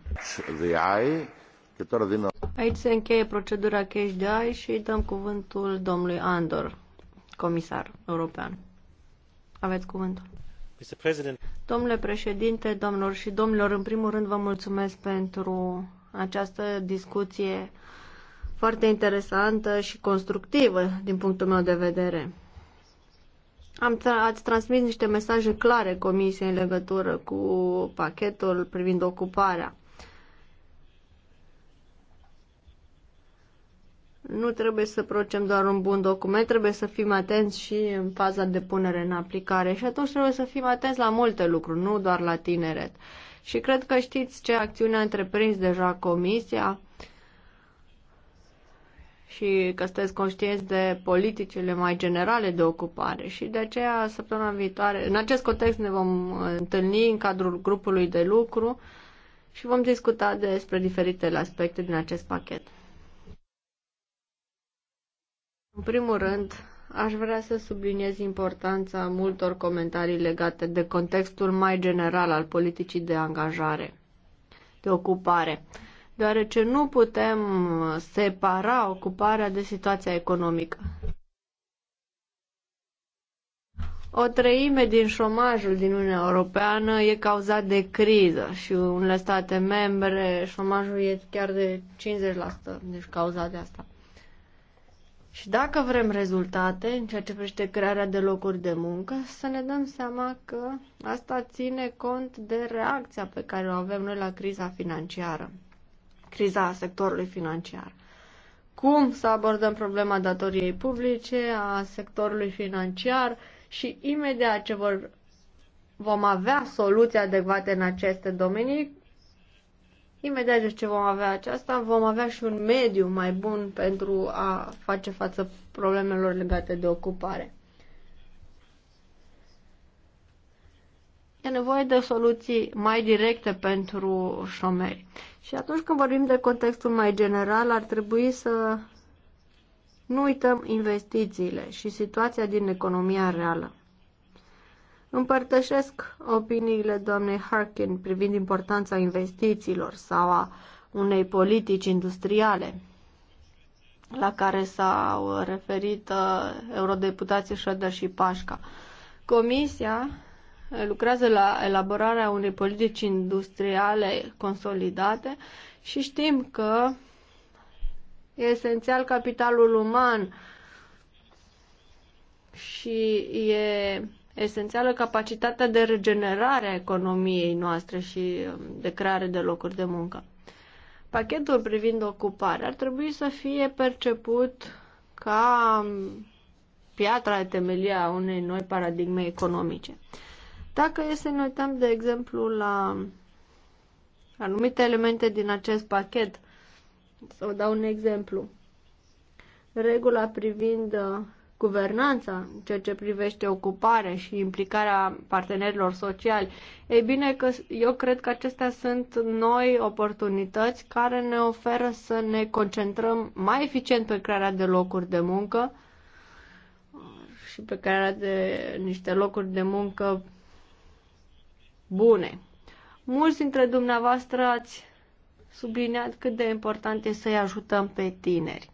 Aici se încheie procedura cash de ai și dăm cuvântul domnului Andor, comisar european. Aveți cuvântul. Domnule președinte, domnilor și domnilor, în primul rând vă mulțumesc pentru această discuție foarte interesantă și constructivă din punctul meu de vedere. Am tra- ați transmis niște mesaje clare Comisiei în legătură cu pachetul privind ocuparea. nu trebuie să procem doar un bun document, trebuie să fim atenți și în faza de punere în aplicare și atunci trebuie să fim atenți la multe lucruri, nu doar la tineret. Și cred că știți ce acțiune a întreprins deja Comisia și că sunteți conștienți de politicile mai generale de ocupare și de aceea săptămâna viitoare, în acest context ne vom întâlni în cadrul grupului de lucru și vom discuta despre diferitele aspecte din acest pachet. În primul rând, aș vrea să subliniez importanța multor comentarii legate de contextul mai general al politicii de angajare, de ocupare, deoarece nu putem separa ocuparea de situația economică. O treime din șomajul din Uniunea Europeană e cauzat de criză și unele state membre șomajul e chiar de 50%, deci cauzat de asta. Și dacă vrem rezultate în ceea ce privește crearea de locuri de muncă, să ne dăm seama că asta ține cont de reacția pe care o avem noi la criza financiară, criza sectorului financiar. Cum să abordăm problema datoriei publice, a sectorului financiar și imediat ce vor, vom avea soluții adecvate în aceste domenii, Imediat de deci ce vom avea aceasta, vom avea și un mediu mai bun pentru a face față problemelor legate de ocupare. E nevoie de soluții mai directe pentru șomeri. Și atunci când vorbim de contextul mai general, ar trebui să nu uităm investițiile și situația din economia reală. Împărtășesc opiniile doamnei Harkin privind importanța investițiilor sau a unei politici industriale la care s-au referit uh, eurodeputații Schroeder și Pașca. Comisia lucrează la elaborarea unei politici industriale consolidate și știm că e esențial capitalul uman și e esențială capacitatea de regenerare a economiei noastre și um, de creare de locuri de muncă. Pachetul privind ocuparea ar trebui să fie perceput ca um, piatra de temelie a unei noi paradigme economice. Dacă e să ne uităm, de exemplu, la anumite elemente din acest pachet, să vă dau un exemplu. Regula privind uh, guvernanța, în ceea ce privește ocuparea și implicarea partenerilor sociali. Ei bine, că eu cred că acestea sunt noi oportunități care ne oferă să ne concentrăm mai eficient pe crearea de locuri de muncă și pe crearea de niște locuri de muncă bune. Mulți dintre dumneavoastră ați subliniat cât de important e să-i ajutăm pe tineri.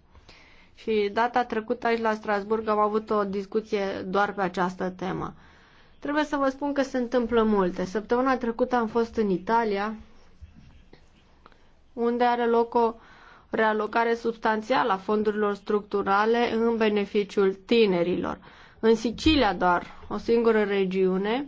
Și data trecută aici la Strasburg am avut o discuție doar pe această temă. Trebuie să vă spun că se întâmplă multe. Săptămâna trecută am fost în Italia, unde are loc o realocare substanțială a fondurilor structurale în beneficiul tinerilor. În Sicilia doar, o singură regiune,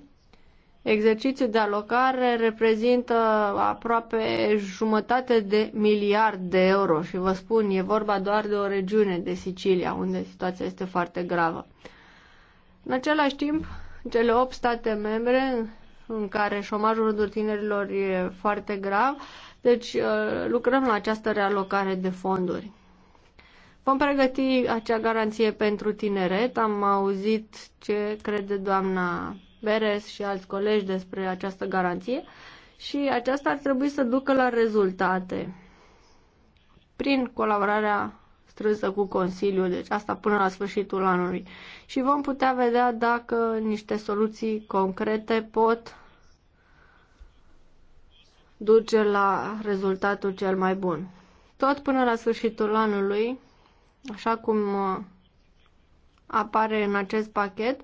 exercițiul de alocare reprezintă aproape jumătate de miliard de euro și vă spun, e vorba doar de o regiune de Sicilia, unde situația este foarte gravă. În același timp, cele 8 state membre în care șomajul rândul tinerilor e foarte grav, deci uh, lucrăm la această realocare de fonduri. Vom pregăti acea garanție pentru tineret. Am auzit ce crede doamna Beres și alți colegi despre această garanție și aceasta ar trebui să ducă la rezultate prin colaborarea strânsă cu Consiliul, deci asta până la sfârșitul anului. Și vom putea vedea dacă niște soluții concrete pot duce la rezultatul cel mai bun. Tot până la sfârșitul anului, așa cum uh, apare în acest pachet,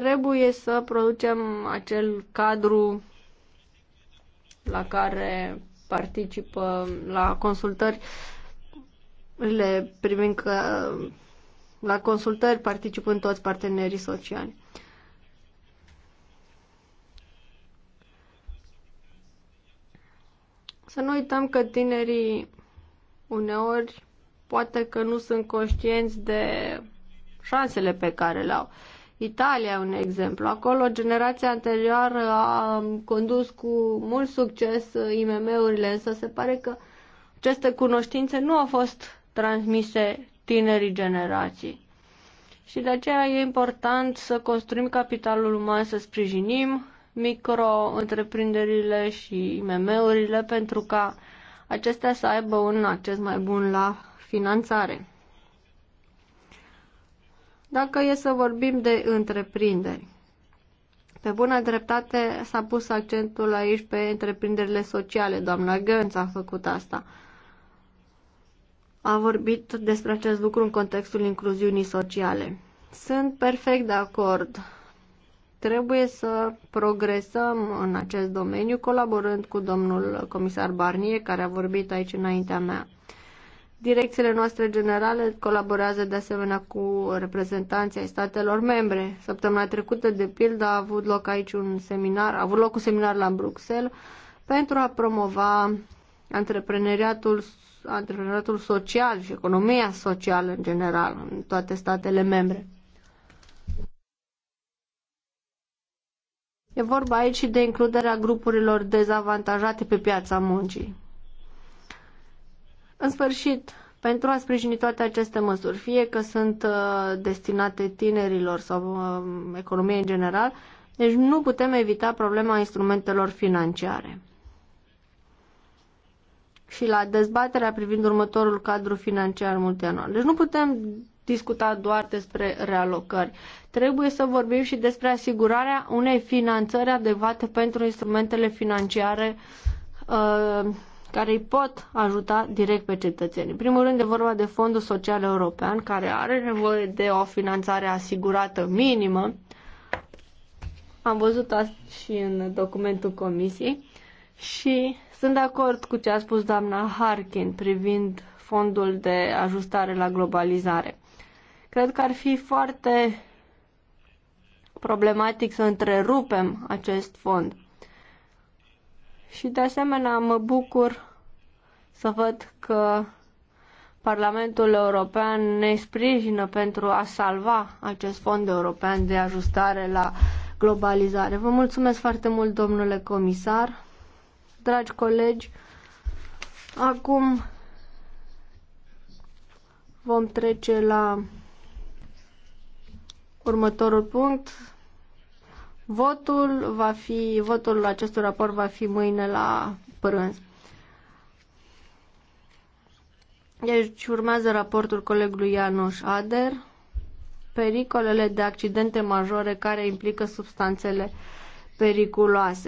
trebuie să producem acel cadru la care participă la consultări le primim că la consultări în toți partenerii sociali. Să nu uităm că tinerii uneori poate că nu sunt conștienți de șansele pe care le au. Italia, un exemplu. Acolo, generația anterioară a condus cu mult succes IMM-urile, însă se pare că aceste cunoștințe nu au fost transmise tinerii generații. Și de aceea e important să construim capitalul uman, să sprijinim micro-întreprinderile și IMM-urile pentru ca acestea să aibă un acces mai bun la finanțare. Dacă e să vorbim de întreprinderi, pe bună dreptate s-a pus accentul aici pe întreprinderile sociale. Doamna Gânț a făcut asta. A vorbit despre acest lucru în contextul incluziunii sociale. Sunt perfect de acord. Trebuie să progresăm în acest domeniu colaborând cu domnul comisar Barnier, care a vorbit aici înaintea mea. Direcțiile noastre generale colaborează de asemenea cu reprezentanții ai statelor membre. Săptămâna trecută, de pildă, a avut loc aici un seminar, a avut loc un seminar la Bruxelles pentru a promova antreprenoriatul, antreprenoriatul social și economia socială în general în toate statele membre. E vorba aici și de includerea grupurilor dezavantajate pe piața muncii. În sfârșit, pentru a sprijini toate aceste măsuri, fie că sunt uh, destinate tinerilor sau uh, economiei în general, deci nu putem evita problema instrumentelor financiare. Și la dezbaterea privind următorul cadru financiar multianual. Deci nu putem discuta doar despre realocări. Trebuie să vorbim și despre asigurarea unei finanțări adecvate pentru instrumentele financiare uh, care îi pot ajuta direct pe cetățeni. În primul rând e vorba de Fondul Social European, care are nevoie de o finanțare asigurată minimă. Am văzut asta și în documentul comisiei și sunt de acord cu ce a spus doamna Harkin privind fondul de ajustare la globalizare. Cred că ar fi foarte problematic să întrerupem acest fond. Și de asemenea mă bucur să văd că Parlamentul European ne sprijină pentru a salva acest fond european de ajustare la globalizare. Vă mulțumesc foarte mult, domnule comisar, dragi colegi. Acum vom trece la următorul punct. Votul va fi, votul acestui raport va fi mâine la prânz. Deci urmează raportul colegului Ianoș Ader, pericolele de accidente majore care implică substanțele periculoase.